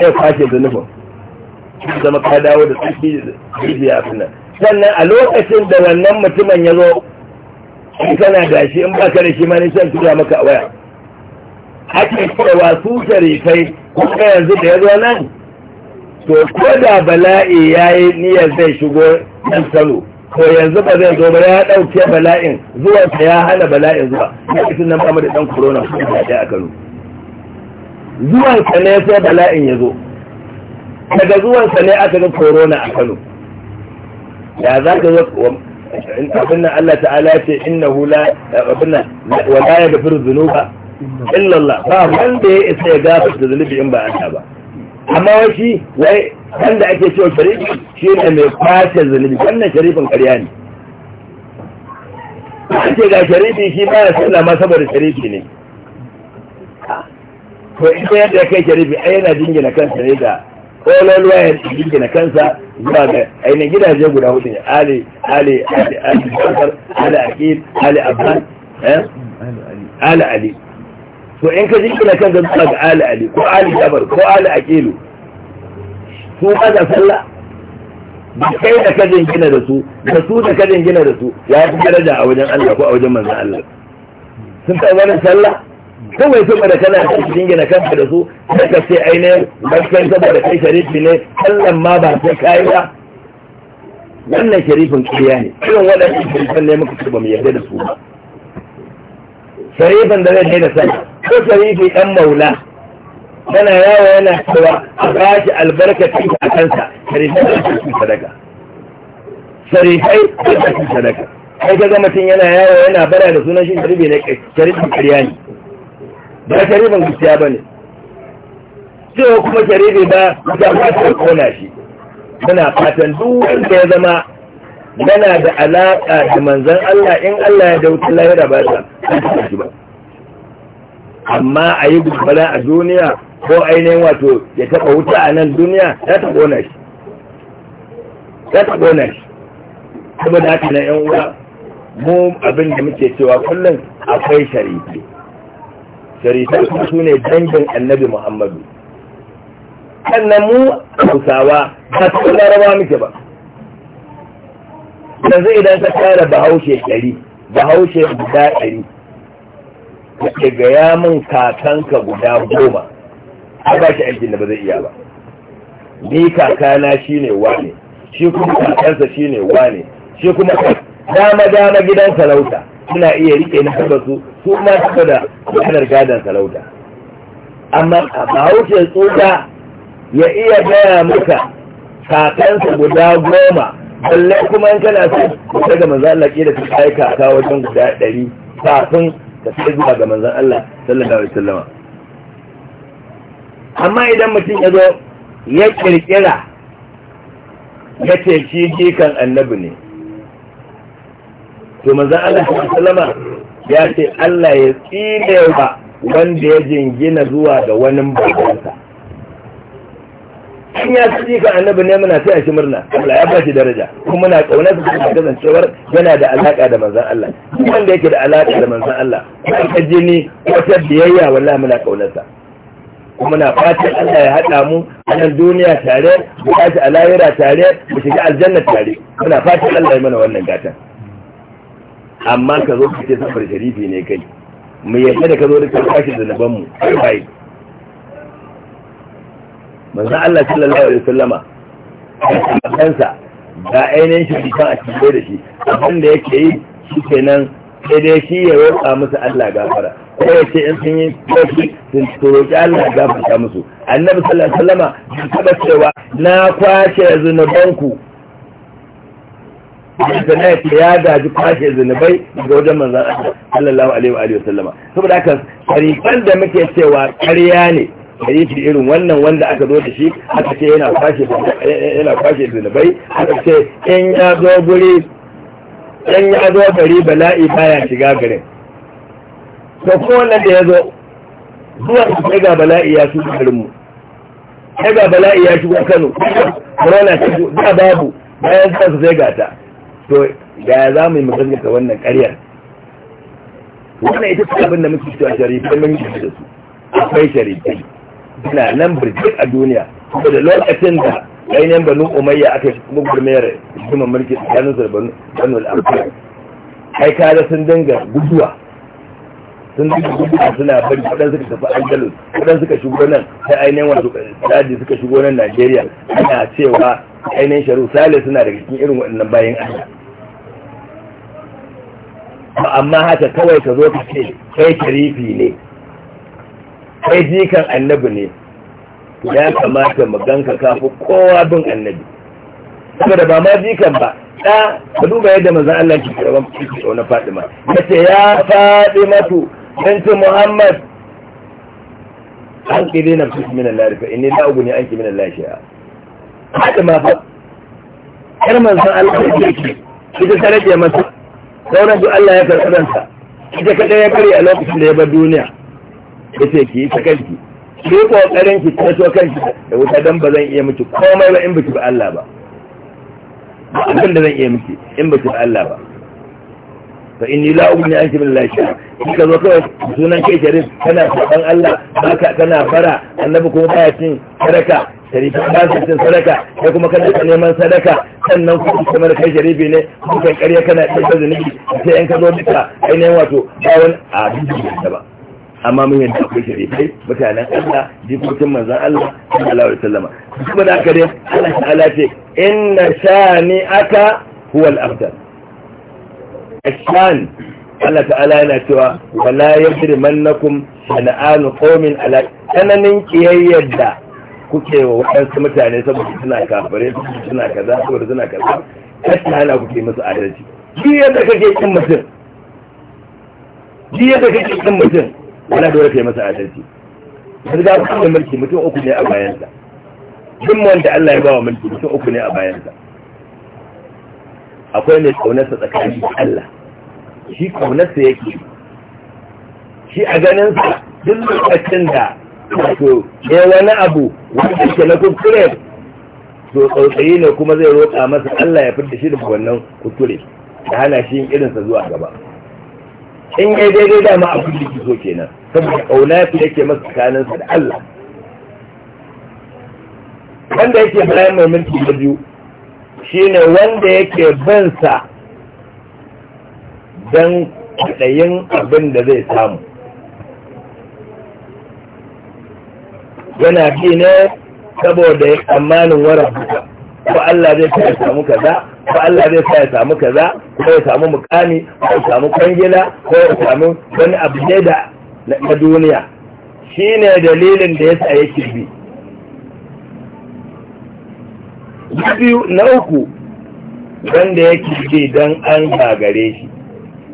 sai kwashe zunubin zama ka dawo da tsaki da jijiya fi nan sannan a lokacin da wannan mutumin ya zo in kana da shi in baka da shi ma ni shan tura maka waya ake cewa su sharifai kuma yanzu da ya zo nan to ko da bala'i ya yi niyyar zai shigo nan salo ko yanzu ba zai zo ba ya ɗauke bala'in zuwansa ya hana bala'in zuwa ya isi nan ba da ɗan korona su da ɗaya a kano zuwansa ne sai bala'in ya zo daga zuwansa ne aka ga korona a kano da za ka zo abin nan Allah ta'ala ya ce innahu hula abin nan wa la yaghfiru dhunuba illa Allah ba wanda ya isa ya da zunubi in ba Allah ba amma wai shi wai wanda ake cewa sharifi shi ne mai kwace zunubi wannan sharifin karya ne ake ga sharifi shi ba ya sallah ma saboda sharifi ne to ita yadda ya kai sharifi ai yana jingina kansa ne da ƙololuwa ya na kansa zuwa ga ainihin gidaje guda hudu ne ali ali ali ali bakar ali akil ali abbas eh? ali ali to in ka jingina kansa zuwa ga ali ali ko ali jabar ko ali akilu su ba da sallah da kai da ka jingina da su da su da ka jingina da su ya fi daraja a wajen allah ko a wajen manzan allah sun taɓa wani sallah kawai saboda kana cikin gina kanka da su ka sai ainihin barkan saboda kai sharifi ne kallon ma ba sai kayi ba wannan sharifin kiriya ne irin waɗannan sharifan ne muka ce ba mu yarda da su ba sharifin da zai daina sana ko sharifi ɗan maula yana yawo yana cewa a bashi albarkaci a kansa Sharifin da su sadaka sharifai da su sadaka kai ga mutum yana yawo yana bara da sunan shi sharifi ne sharifin kiriya ne ba sharifin gusiya ba ne cewa kuma sharifi ba ya ba ta kona shi muna fatan duk wanda ya zama yana da alaƙa da manzan Allah in Allah ya dauki lahira ba ta shi ba amma a yi gudubala a duniya ko ainihin wato ya taɓa wuta a nan duniya ya ta kona shi ya ta kona shi saboda haka na yan uwa mu abin da muke cewa kullum akwai sharifi sharifai kuma su ne dangin annabi muhammadu sannan mu hausawa ba ta larabawa muke ba yanzu idan ka tara bahaushe ɗari bahaushe guda ɗari ka gaya min kakanka guda goma a ba shi aikin da ba zai iya ba ni kakana shi ne wane shi kuma kakansa shi ne wane shi kuma dama dama gidan talauta suna iya rike na haɗa su su ma saboda wahalar gadon sarauta amma a bahaushe tsoka ya iya gaya maka kakansa guda goma balle kuma in kana so kusa ga manzan Allah ke da su kai kaka wajen guda ɗari kafin ka sai zuwa ga manzan Allah sallallahu alaihi wasallama amma idan mutum ya zo ya kirkira ya ce shi jikan annabi ne to manzon Allah sallama ya ce Allah ya tsine ba wanda ya jingina zuwa ga wani babansa in ya ci ka annabi ne muna sai a shi murna Allah ya ba shi daraja kuma muna kauna su cikin kasancewar yana da alaka da manzon Allah wanda yake da alaka da manzon Allah ko ka jini ko ta biyayya wallahi muna kaunarsa kuma na fatan Allah ya haɗa mu a nan duniya tare mu tashi a tare mu shiga aljanna tare muna fatan Allah ya mana wannan gatan amma ka zo ka ce safar sharifi ne kai mu yadda da ka zo da karkashin zunuban mu ai manzon Allah sallallahu alaihi wasallama kansa ga ainihin shi kan a cikin da shi abin yake yi shi kenan sai dai shi ya roƙa musu Allah gafara ko ya ce in sun yi kofi sun roƙi Allah gafara musu annabi sallallahu alaihi wasallama ya taɓa cewa na kwace zunubanku da na yake ya daji kwashe zunubai ga wajen manzan Allah sallallahu alaihi wa sallama saboda haka da muke cewa ƙarya ne irin wannan wanda aka zo da shi aka ce yana kwashe yana kwashe zunubai aka ce in ya zo guri in ya zo gari bala'i baya shiga garin to ko wannan da ya zo zuwa sai ga bala'i ya shigo garinmu sai ga bala'i ya shigo Kano corona ta babu bayan sa sai ga ta to ya za mu yi musulunta wannan karyar wannan ita ce abin da muke cewa sharifai mun yi da su akwai sharifi suna nan birjik a duniya da lokacin da ainihin banu umayya aka yi kuma gurmayar hikiman mulki a su da banu al'amfani ai kada sun dinga guduwa sun dinga guduwa suna bari Kudan suka tafi aljalus kudan suka shigo nan sai ainihin wasu eh, daji suka shigo nan najeriya ana cewa ainihin sharu sale suna daga cikin irin waɗannan bayan Allah amma haka kawai ka zo ka ce kai sharifi ne kai jikan annabi ne ya kamata maganka kafi kowa bin annabi saboda ba ma jikan ba ɗa ka duba yadda manzan Allah ke karaban ciki na Fadima ya ce ya Fadimatu binti Muhammad an ƙi dina fi min Allah rufa inni la ne an ƙi min Allah ma ba yar san Allah ya ce ita ta rage masu sauran su Allah ya karɓi ransa ita ka ɗaya kare a lokacin da ya bar duniya ya ce ki yi ta kanki ki yi ƙoƙarin ki taso kanki da wuta don ba zan iya miki komai ba in ba ki ba Allah ba ba abin da zan iya miki in ba ki ba Allah ba fa inni la an anki billahi sha'a ka zo kawai sunan kai sharif kana saban Allah baka kana fara annabi kuma baya cin sadaka sharifi ba su cin sadaka sai kuma kana ta neman sadaka sannan kuma kamar kai sharifi ne kuma kai ƙarya kana ɗin ta zunubi sai yan ka zo duka ainihin wato ba wani abin da ba amma mun yanta akwai sharifai mutanen Allah jikokin manzan Allah sallallahu alaihi wasallam kuma da aka dai Allah ala ce inna shani aka huwal afdal ashan Allah ta'ala yana cewa wala yajrimannakum shana'an qaumin ala tsananin kiyayyar da kuke wa waɗansu mutane saboda suna kafare suna kaza saboda suna kaza kashi hana kuke musu adalci shi yadda kake kin mutum shi yadda kake kin mutum wala dole kai masa adalci har ga kuma mulki mutum uku ne a bayansa duk wanda Allah ya bawa mulki mutum uku ne a bayansa akwai mai kaunarsa tsakanin Allah shi kaunarsa yake shi a ganinsa duk lokacin da wato ya wani abu wanda ke na kuskure to tsautsayi ne kuma zai roƙa masa Allah ya fita shi daga wannan kuskure da hana shi yin irinsa zuwa gaba in ya daidai dama abin da ke so kenan saboda kauna fi yake masa tsakaninsa da Allah wanda yake bayan mai mulki na biyu shine wanda yake bansa don kwaɗayin abin da zai samu yana fi ne saboda amanin tsammanin waran haka ko Allah zai sa ya samu kaza ko Allah zai sa ya samu kaza ko ya samu mukami ko ya samu kwangila ko ya samu wani abu ne da na duniya shi ne dalilin da ya sa yake bi na uku wanda yake bi don an gagare shi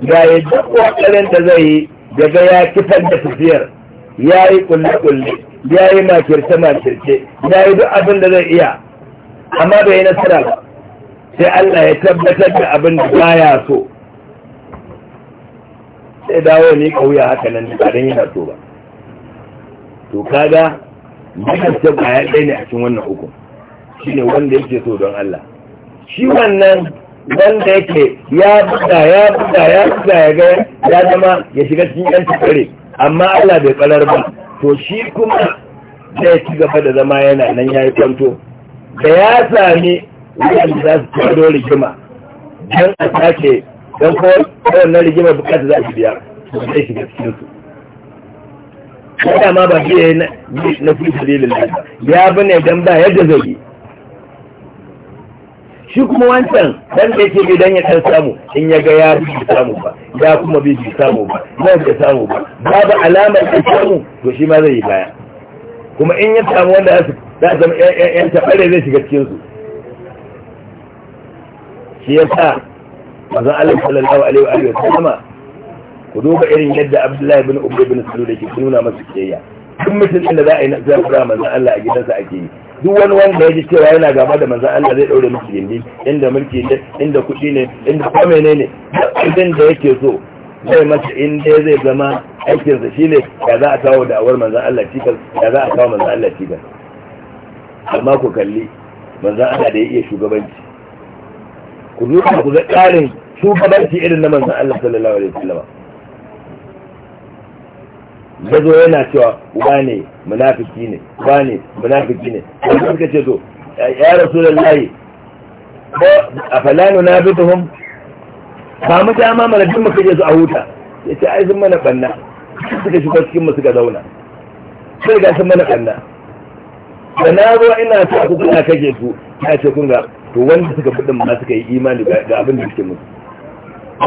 ga ya duk kokarin da zai yi daga ya kifar da tafiyar ya yi kulle-kulle ya yi makirce-makirce ya yi duk abin da zai iya amma bai yi nasara ba sai Allah ya tabbatar da abin da ba ya so sai dawo ne kauya haka nan da don yana so ba to kaga dukkan ta ya ɗaya ne a cikin wannan Shi ne wanda yake so don Allah shi wannan wanda yake ya buga ya buga ya buga ya ga ya zama ya shiga cikin yan tsare amma Allah bai farar ba to shi kuma zai ci gaba da zama yana nan yayi kwanto da ya sami wanda za su tsaro rigima dan a sake dan ko wannan rigima bukata za su biya to zai shiga cikin su kada ma ba shi na fi sabilillah ya bane dan ba yadda zai yi shi kuma wancan dan da yake bi dan ya dan samu in ya ga ya bi samu ba ya kuma bi bi samu ba ya bi samu ba babu alamar da samu to shi ma zai yi baya kuma in ya samu wanda zai da zama yan tabare zai shiga cikin su shi yasa manzon Allah sallallahu alaihi wa sallama ku duba irin yadda Abdullahi ibn Ubay ibn Salul yake nuna masa kiyaya duk mutum da za a yi na fara manzon Allah a gidansa ake yi duk wani wanda ya ji cewa yana gaba da manzan Allah zai ɗaure musu gindi inda mulki ne inda kuɗi ne inda kome ne ne abin da yake so zai masa in zai zama aikinsa shine ya za a kawo awar manzan Allah cikas ya za a kawo manzan Allah cikas amma ku kalli manzan Allah da ya iya shugabanci ku duka ku ga ƙarin shugabanci irin na manzan Allah sallallahu alaihi wasallam zo yana cewa ne munafiki ne ne munafiki ne sai suka ce to ya layi ko bi nabituhum ba mu dama mana duk muka je su a huta Ya ce ai sun mana banna suka shiga cikin mu suka zauna sai ga sun mana banna da na zo ina ta ku kuna kake su ya ce kun ga to wanda suka fudin ma suka yi imani ga abin da suke musu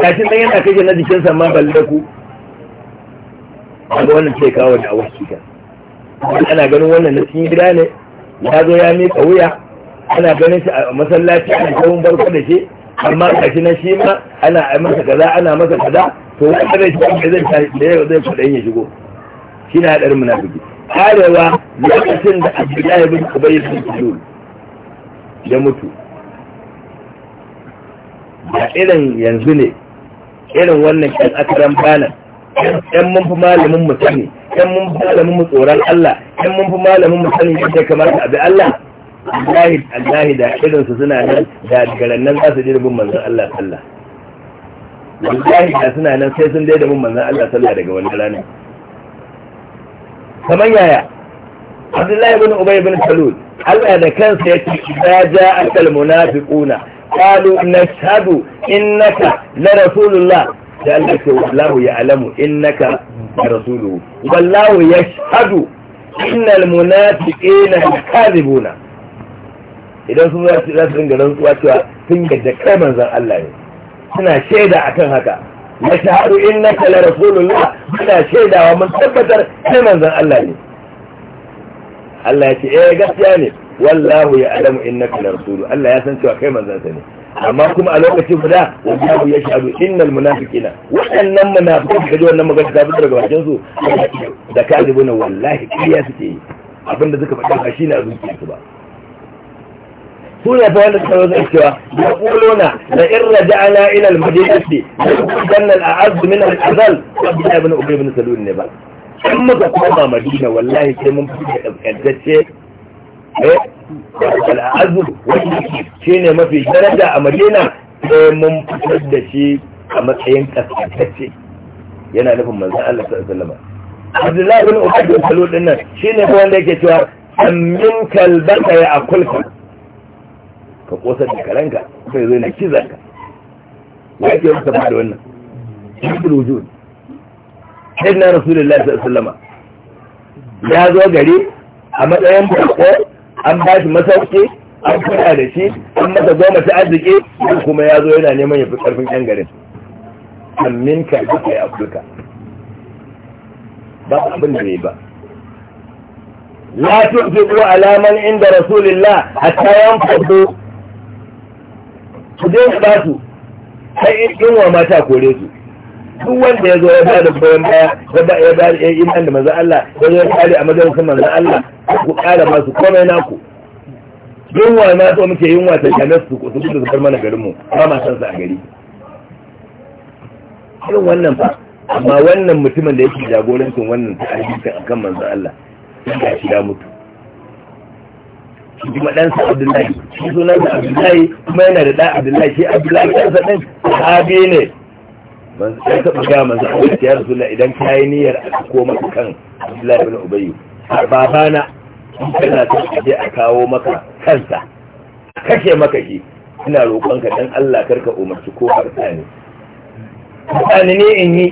kashin dan yana kake na jikin sa ma balle ku kaga wannan sai kawo da awar cuta ana ganin wannan na cikin gida ne ya zo ya miƙa wuya ana ganin shi a masallaci ana tsawon barka da shi amma kashi na shi ma ana masa kaza ana masa kaza to wani kare shi zai tashi da yau zai kuɗin ya shigo shi na haɗarin munafiki karewa lokacin da abdullahi bin ubayy bin sulul ya mutu ba irin yanzu ne irin wannan kan akaran banan yan mun fi malamin mu sani yan mun fi malamin mu tsoron Allah yan mun fi malamin mu sani yadda kamata bi Allah Allahi Allahi da irin su suna nan da garan nan za su je da bin manzon Allah sallah wallahi da suna nan sai sun dai da bin manzon Allah sallah daga wani ranar kamar yaya Abdullahi ibn Ubay ibn Salul Allah da kansa yake idza ja'a al-munafiquna qalu nashhadu innaka la rasulullah sai Allah ce wallahu alamu innaka rasulu wallahu yashhadu innal munafiqina kadhibuna idan sun zai da sun dinga rantsuwa cewa sun gaje kai manzon Allah ne suna shaida akan haka ya shahadu innaka la rasulullah suna wa mun tabbatar kai manzon Allah ne Allah ya ce eh gaskiya ne wallahu ya alamu innaka la rasulu Allah ya san cewa kai manzon sa ne amma kuma a lokacin guda wani wajabu ya shaɗu innal munafiqina waɗannan munafiqai kaje wannan magana ta fito daga bakin su da kazibuna wallahi kiyaya suke yi abinda suka faɗa ba shine a zuciyarsu ba sune fa wanda suka zo cewa ya na la in raja'na ila al-madinati janna al-a'az min al-azal abdullahi ibn ubay ibn salul ne ba in muka koma madina wallahi sai mun fita kaskantacce Eh, al'azu wani shi ne mafi daraja a madina sai mun fitar da shi a matsayin kasance yana nufin manzan Allah sallallahu alaihi wasallam Abdullahi bin Ubay bin Salul din nan shine ko wanda yake cewa ammin kalbaka ya akulka ka ƙosar da karanka sai zo na ka wa yake yin sama da wannan shibul wujud da rasulullahi sallallahu alaihi wasallam ya zo gari a matsayin bako an ba shi masauke an kuna da shi an masa goma ta arziki duk kuma ya zo yana neman ya fi ƙarfin yan garin amin ka duka ya afirka ba abin da ya ba la tuzibu alaman inda rasulillah hatta fado ku dai ba su sai in wa mata kore su duk wanda ya zo ya bada bayan baya ya ba ya bada ya iman da manzo Allah ya zo ya kare a majalisar manzo Allah ku kara masu komai naku yunwa na so muke yunwa ta shanar su ku su zubar mana garin mu ba ma san sa a gari irin wannan fa amma wannan mutumin da yake jagorancin wannan ta'ajikin akan manzo Allah ya shi ya mutu kuma ɗansa Abdullahi shi sunansa Abdullahi kuma yana da ɗan Abdullahi shi Abdullahi ɗansa ɗin sahabi ne ya taɓa ga manzo Allah ya rasulullahi idan kai yi niyyar a ko maka kan Abdullahi ibn Ubay babana in kana ta je a kawo maka kansa kake maka shi ina roƙon ka dan Allah karka umarci ko harkani harkani ne in yi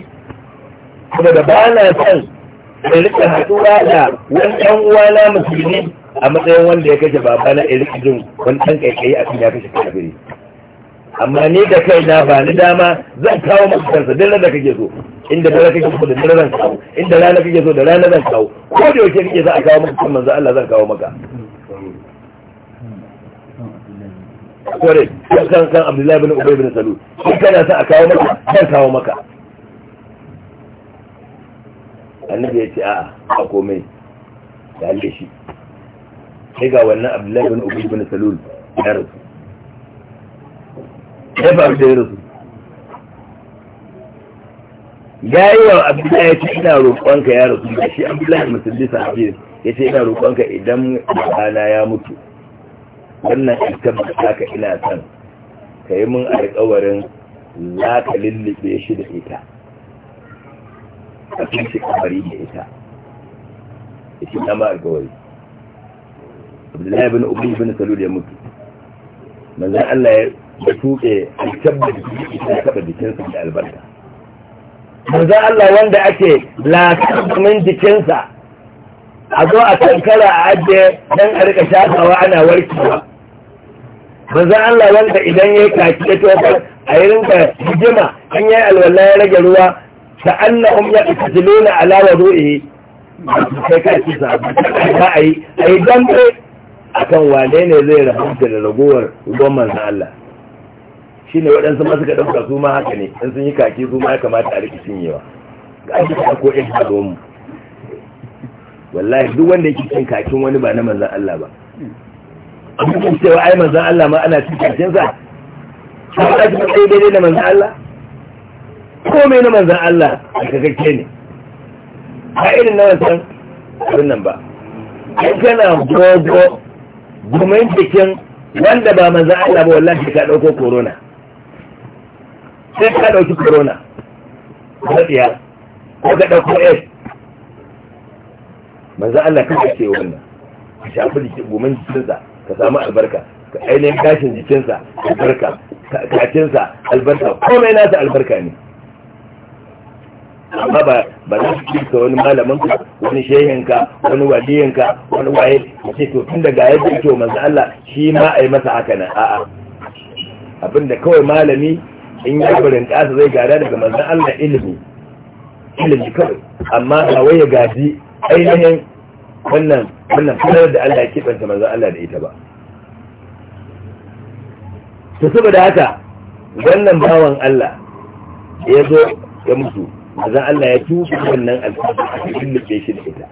da ba na san da rika haɗuwa da wani ɗan uwana musulmi a matsayin wanda ya kashe babana ya rika jin wani ɗan ƙaiƙayi a cikin ya kashe kafiri amma ni da kai na ba ni dama zan kawo maka kansa duk da kake so inda da kake so da rana zan kawo inda rana kake so da rana zan kawo ko da yake kake za a kawo maka kan manzo Allah zan kawo maka kore kan kan Abdullahi bin Ubay bin Salul shi kana sa a kawo maka zan kawo maka annabi ya ce a'a a komai da shi sai ga wannan Abdullahi bin Ubay bin Salul ya rasu ya faru da rasu ya yi wa abdullahi ya ce ina roƙonka ya rasu da shi abdullahi musulmi sahabi ya ce ina roƙonka idan babana ya mutu wannan ikan ka ina san ka yi min alƙawarin za ka lullube shi da ita a cikin kamari da ita ya ce nama alƙawari abdullahi bin ubi bin da ya mutu manzan allah ya da tuke a da tuke taba jikinsa da albarka manzo Allah wanda ake lakamin jikinsa a zo a kankara a ajiye don a rika shafawa ana warkewa manzan Allah wanda idan ya yi kaki ya tofar a yi rinka hijima an yi alwala ya rage ruwa ta annahum ya katiluna ala wudu'i sai ka ci sabu ba a yi a yi dambe akan wane ne zai rabu da ragowar ruwan manzo Allah ne waɗansu ma suka ɗauka su ma haka ne in sun yi kaki su ma ya kamata a cin yawa. ga ake ta ko ɗin haɗo mu wallahi duk wanda yake cin kakin wani ba na manzan Allah ba abubuwan cewa ai manzan Allah ma ana cin kakin sa shi ba ake matsayi daidai da manzan Allah ko mai na manzan Allah a kakakke ne a irin na wancan abin nan ba ai kana gogo gumin cikin wanda ba manzan Allah ba wallahi ka ɗauko corona sai ka ɗauki corona ta tsiya ko ka ɗauko s manzo Allah kan ce wannan ka shafi jikin gomin jikinsa ka samu albarka ka ainihin gashin jikinsa albarka kakinsa albarka komai nasa albarka ne amma ba ba za su kirka wani ka wani ka wani ka wani waye ce to tun daga yadda yake wa manzo Allah shi ma a yi masa haka na? a'a abinda kawai malami in ya burin ƙasa zai gada daga manzan Allah ilimi ilimi kawai amma ba wai ya gaji ainihin wannan wannan sanar da Allah ya kifanta manzan Allah da ita ba to saboda haka wannan bawan Allah ya zo ya mutu manzan Allah ya tuka wannan alfafa a cikin lufe shi da ita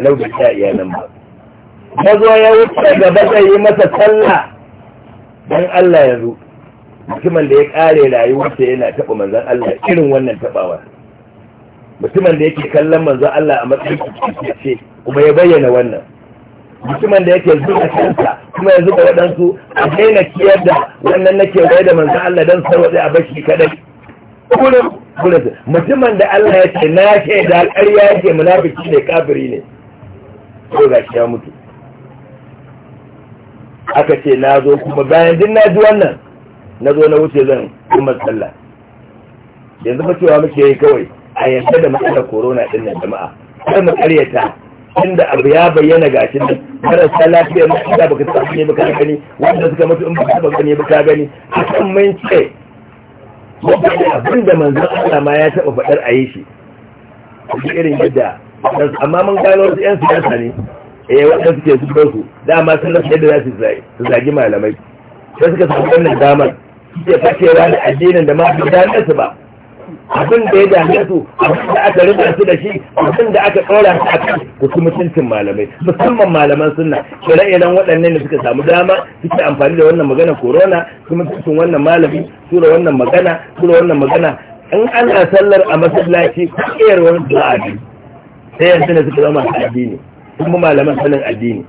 a lauda ta iya nan ba ya zo ya wuce gaba zai yi masa sallah don Allah ya zo mutumin da ya kare rayuwarsa yana taɓa manzan Allah irin wannan taɓawa mutumin da yake kallon manzan Allah a matsayin ce kuma ya bayyana wannan mutumin da yake zuba kansa kuma ya zuba waɗansu a daina kiyar da wannan nake waye da manzan Allah don sarwaɗe a bashi kaɗai mutumin da Allah ya ce na da ƙarya yake munafiki ne kafiri ne ko ga shi ya mutu aka ce na zo kuma bayan din na ji wannan na zo na wuce zan kuma tsalla. yanzu ba cewa muke yi kawai a yadda da matsalar corona din nan jama'a kar mu karyata inda abu ya bayyana gashi nan marasa lafiyar na ina baka taɓa ne baka gani wanda suka mutu in baka gani ne baka gani a kan mun ce wanda abin da manzon Allah ma ya taɓa faɗar a yi shi irin yadda amma mun gano wasu 'yan siyasa ne eh wanda suke zubar su dama sun da yadda za su zagi malamai sai suka samu wannan damar suke fashewa da addinin da ma su dame su ba abin da ya dame su abin da aka rika su da shi abin da aka ɗora su a kan wasu mutuncin malamai musamman malaman sunna ire-iren waɗannan da suka samu dama suke amfani da wannan magana corona su mutuncin wannan malami tura wannan magana tura wannan magana in ana sallar a masallaci ko wani ba'a sai yanzu ne suka zama addini kuma malaman sanin addini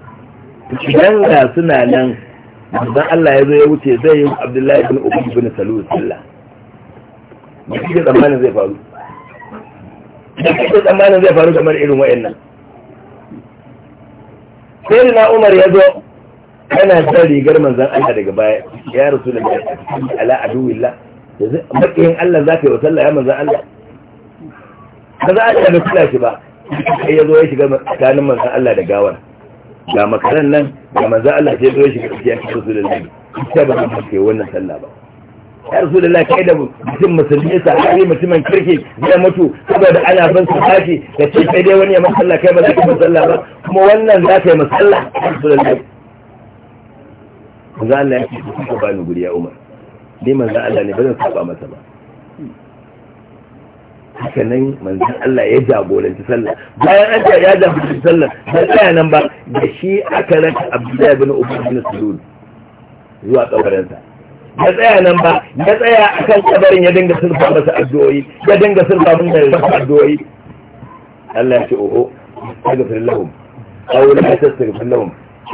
idan ga suna nan dan Allah ya zo ya wuce zai yi abdullahi bin ubi bin salu sallah ba kike tsammanin zai faru da kike tsammanin zai faru kamar irin wayannan sai na umar ya zo kana ta rigar manzan Allah daga baya ya rasu da ya ala aduwillah yanzu makiyin Allah za ka yi wa sallah ya manzan Allah ba za a yi da kula shi ba sai ya zo ya shiga tsakanin manzan Allah da gawar ga makaran nan ga manzo Allah sai zo shi ga cikin rasulullahi ita ba ta kai wannan sallah ba ya rasulullahi kai da mutum musulmi sa kai mutumin kirki zai mutu saboda ana ban su tashi da ce sai dai wani ya masalla kai ba za ka masalla ba kuma wannan za ka yi masalla ya rasulullahi manzo Allah ya ce ku ba ni guri ya Umar ni manzo Allah ne ba zan saba masa ba haka nan manzan Allah ya jagoranci sallah bayan an ta ya jagoranci sallah ban tsaya nan ba da shi aka raka abdullahi bin ubay bin sulul zuwa kabarinsa ya tsaya nan ba ya tsaya akan kabarin ya dinga sulfa masa addu'o'i ya dinga sulfa masa addu'o'i Allah ya ce oho astaghfir lahum aw la tastaghfir lahum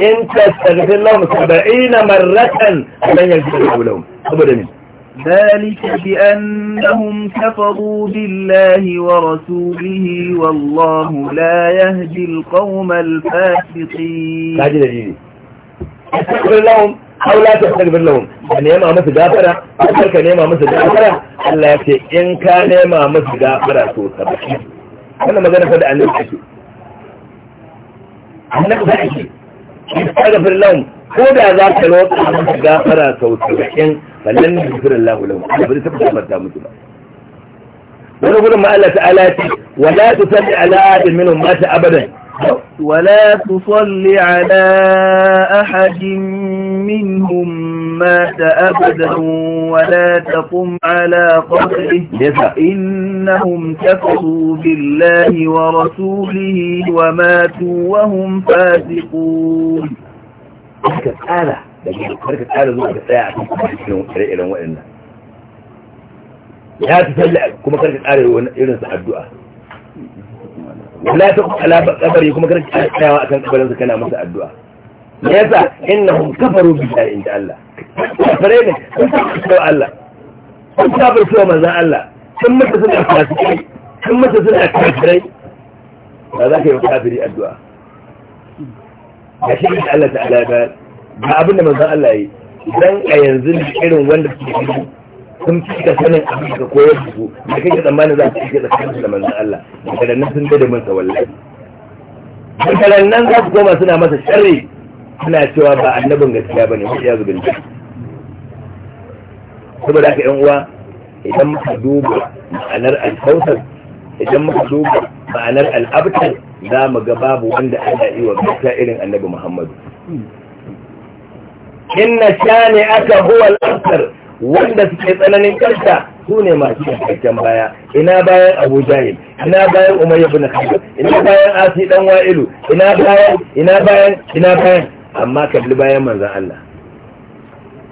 in tastaghfir lahum 70 marratan lan yaghfir lahum saboda ne ذلك بأنهم كفروا بالله ورسوله والله لا يهدي القوم الفاسقين استغفر لهم أو لا تستغفر لهم أن يعني يما دافرة جافرة كان نيما مثل دافرة ألا إن كان نيما مثل دافرة سوء سبحانه أنا ما جانا أن نفسك أنك فأشي استغفر لهم ko da za ka roƙa masa gafara sau saba'in ballan na jifirin lahu lahu Allah ba zai taɓa gafarta musu ba wani gudun ma'ala ta'ala ce wala su salli ala ahadin minhum mata abadan ولا تصل على أحد منهم مات أبدا ولا تقم على قبره إنهم wa بالله ورسوله وماتوا ka tsara da gudu har ka tsara zuwa ka tsaya a cikin ire-iren waɗannan ya fi sallah kuma karka tsara tsara irin sa addu'a wala ta kuma alaba kabari kuma karka ka tsayawa akan kabarin sa kana masa addu'a yasa innahum kafaru da inda Allah kafare ne sun kafirce Allah sun kafirce wa manzon Allah sun mata suna fasikai sun mata suna kafirai ba za ka yi kafiri addu'a ga shi ne Allah ta'ala ta ga abin da manzon Allah yi dan a yanzu irin wanda suke yi sun fi ka sanin abin da koyar da su da kake tsammanin za su da tsakanin da manzon Allah daga nan sun dade masa wallahi daga nan za su koma suna masa sharri suna cewa ba annabin gaskiya bane mu ya zubin saboda haka yan uwa idan muka duba ma'anar alkautar idan muka duba ma'anar al-abtar za mu ga babu wanda Allah yi wa bauta irin annabi Muhammadu. Inna ne aka huwa al'asar wanda suke tsananin karta su ne masu yankakken baya, ina bayan Abu Jahil, ina bayan Umayya na Khalid, ina bayan Asi dan Wa'ilu, ina bayan, ina bayan, ina bayan, amma kalli bayan manza Allah.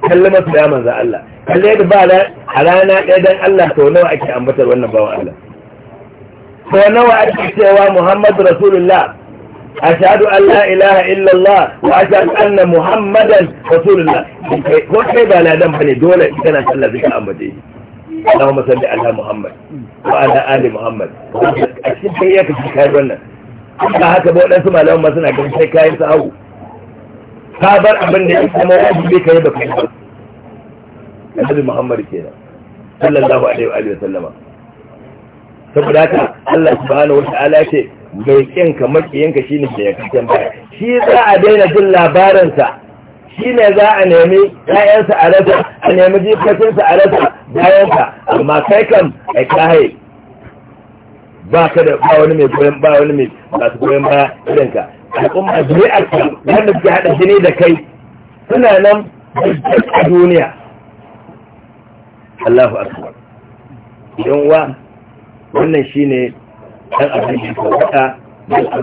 Kalli masu da manza Allah. Kalli yadda ba a rana ɗaya don Allah sau nawa ake ambatar wannan bawan Allah. ko nawa ake cewa muhammadu rasulullah ashadu an la ilaha illallah wa ashadu anna muhammadan rasulullah ko kai ba ladan bane dole kana sallah zai ka ambace اللهم صل على محمد وعلى ال محمد a cikin sai ya kashi kayan wannan ba haka ba waɗansu malaman ma suna ganin sai kayan sahu ka bar abin da ya kuma wajen bai kai da kuma annabi muhammad kenan sallallahu alaihi wa sallama saboda haka Allah subhanahu wata'ala ce mai kinka ka shine da ya kace ba shi za a daina jin labarin sa shine za a nemi ƴaƴansa a rasa a nemi sa a rasa bayansa amma kai kan kai kai ba ka da ba wani mai goyen ba wani mai ba su goyen ba ka al'umma zuri'ar ka wanda suke haɗa jini da kai suna nan a duniya Allahu akbar idan wa wannan shi ne ɗan da ka faɗa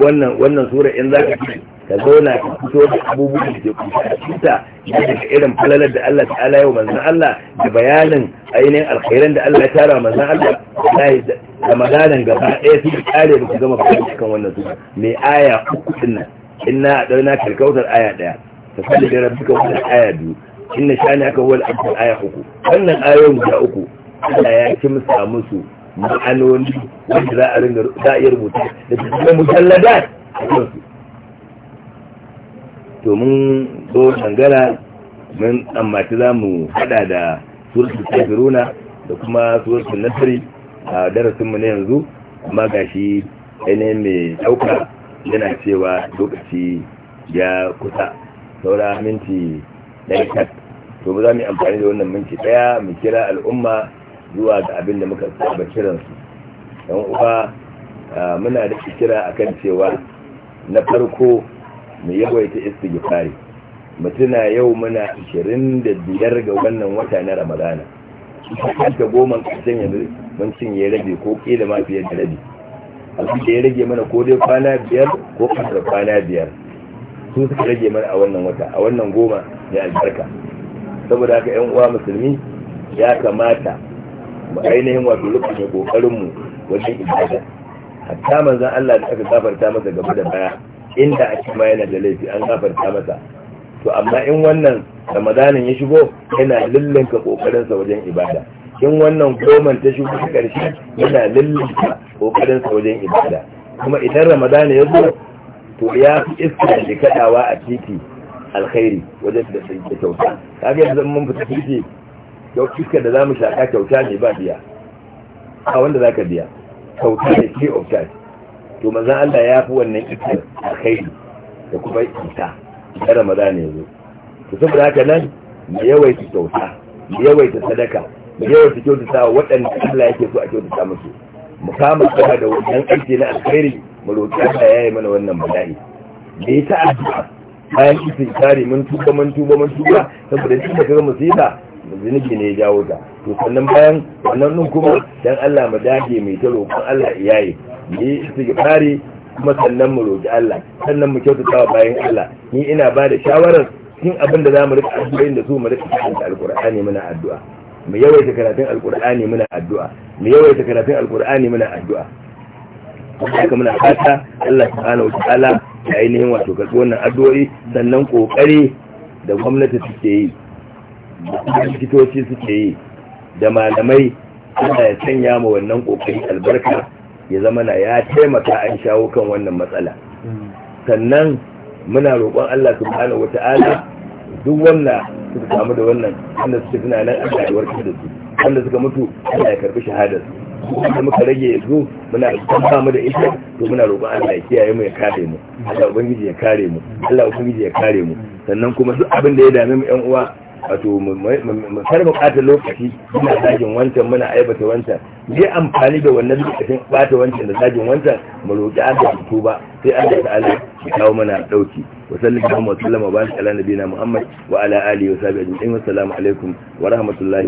wannan wannan sura in zaka ci ka zauna ka fito da abubuwan da ke kusa a cuta daga irin falalar da Allah ta'ala yau manzon Allah da bayanin ainihin alkhairan da Allah ya tara manzon Allah wallahi ramadanan gaba ɗaya su kare ba ku gama fahimta kan wannan sura mai aya uku din nan inna adaina kalkautar aya ɗaya ta salli da kan wannan aya biyu inna shani aka wal abdu aya uku wannan ayoyin guda uku Allah ya musu a musu ma'anoni wanda za a ringa za a iya rubuta da su kuma musallada a kansu to mun zo dangana mun tsammaci za mu hada da suratul kafiruna da kuma suratul nasri a darasinmu na yanzu amma gashi ainihin mai ɗauka yana cewa lokaci ya kusa saura minti ɗaya to za mu yi amfani da wannan minti ɗaya mu kira al'umma zuwa ga abin da muka saba kiransu don uwa muna da kira akan cewa na farko mu yawaita istighfari mutuna yau muna 25 ga wannan wata na ramadana ta goma karshen yanzu mun cinye rabi ko kila ma fiye da rabi abin da ya rage mana ko dai kwana biyar ko kasar kwana biyar su suka rage mana a wannan wata a wannan goma ya albarka saboda haka yan uwa musulmi ya kamata mu ainihin wato lokacin kokarin mu wajen ibada hatta manzon Allah da aka gafarta masa gaba da baya inda a cikin yana da laifi an gafarta masa to amma in wannan ramadanin ya shigo yana lullunka kokarinsa wajen ibada in wannan goman ta shigo ta ƙarshe yana lullunka kokarinsa wajen ibada kuma idan ramadan ya zo to ya fi iska da kaɗawa a titi alkhairi wajen da sai ke kyauta kaga yanzu mun fita titi yau da za mu shaƙa kyauta ne ba biya a wanda za ka biya kyauta ne free of charge to manzan Allah ya fi wannan ita a kai da kuma ita da ramadan ya zo to saboda haka nan mu yawaita kyauta mu yawaita sadaka mu yawaita kyautata waɗanda Allah yake so a kyautata musu mu kama kada da wannan aiki na alkhairi mu roƙi Allah ya yi mana wannan bala'i Me ya ta addu'a bayan istighfari mun tuba mun tuba mun tuba saboda shi da kaga musiba zunubi ne ya jawo ta to sannan bayan wannan nun kuma dan Allah mu dage mai ta roƙon Allah iyaye ni istighfari kuma sannan mu roƙi Allah sannan mu kyautata wa bayan Allah ni ina ba da shawarar kin abin da zamu rika addu'a da su mu rika karanta alqur'ani muna addu'a mu yawaita karatun alqur'ani muna addu'a mu yawaita karatun alqur'ani muna addu'a haka muna fata Allah subhanahu wataala ya ainihin wato karɓi wannan addu'o'i sannan kokari da gwamnati take yi likitoci suke yi da malamai ana ya sanya ma wannan kokari albarka ya zama na ya taimaka an shawo kan wannan matsala sannan muna roƙon Allah subhanahu wata'ala duk wanda suka samu da wannan wanda suke nan Allah ya warkar da su wanda suka mutu Allah ya karbi shahadar su wanda muka rage yanzu muna tamba mu da ita to muna roƙon Allah ya kiyaye mu ya kare mu Allah ubangiji ya kare mu Allah ubangiji ya kare mu sannan kuma duk abin da ya dame mu ƴan uwa wato kar mu ɓata lokaci muna zagin wancan muna aibata wancan je amfani da wannan lokacin bata wancan da zagin wancan mu roƙi Allah ya tuba sai Allah ta'ala ya kawo mana dauki wa sallallahu alaihi wa sallam wa barakallahu nabiyina Muhammad wa ala alihi wa sahbihi ajma'in assalamu alaikum wa rahmatullahi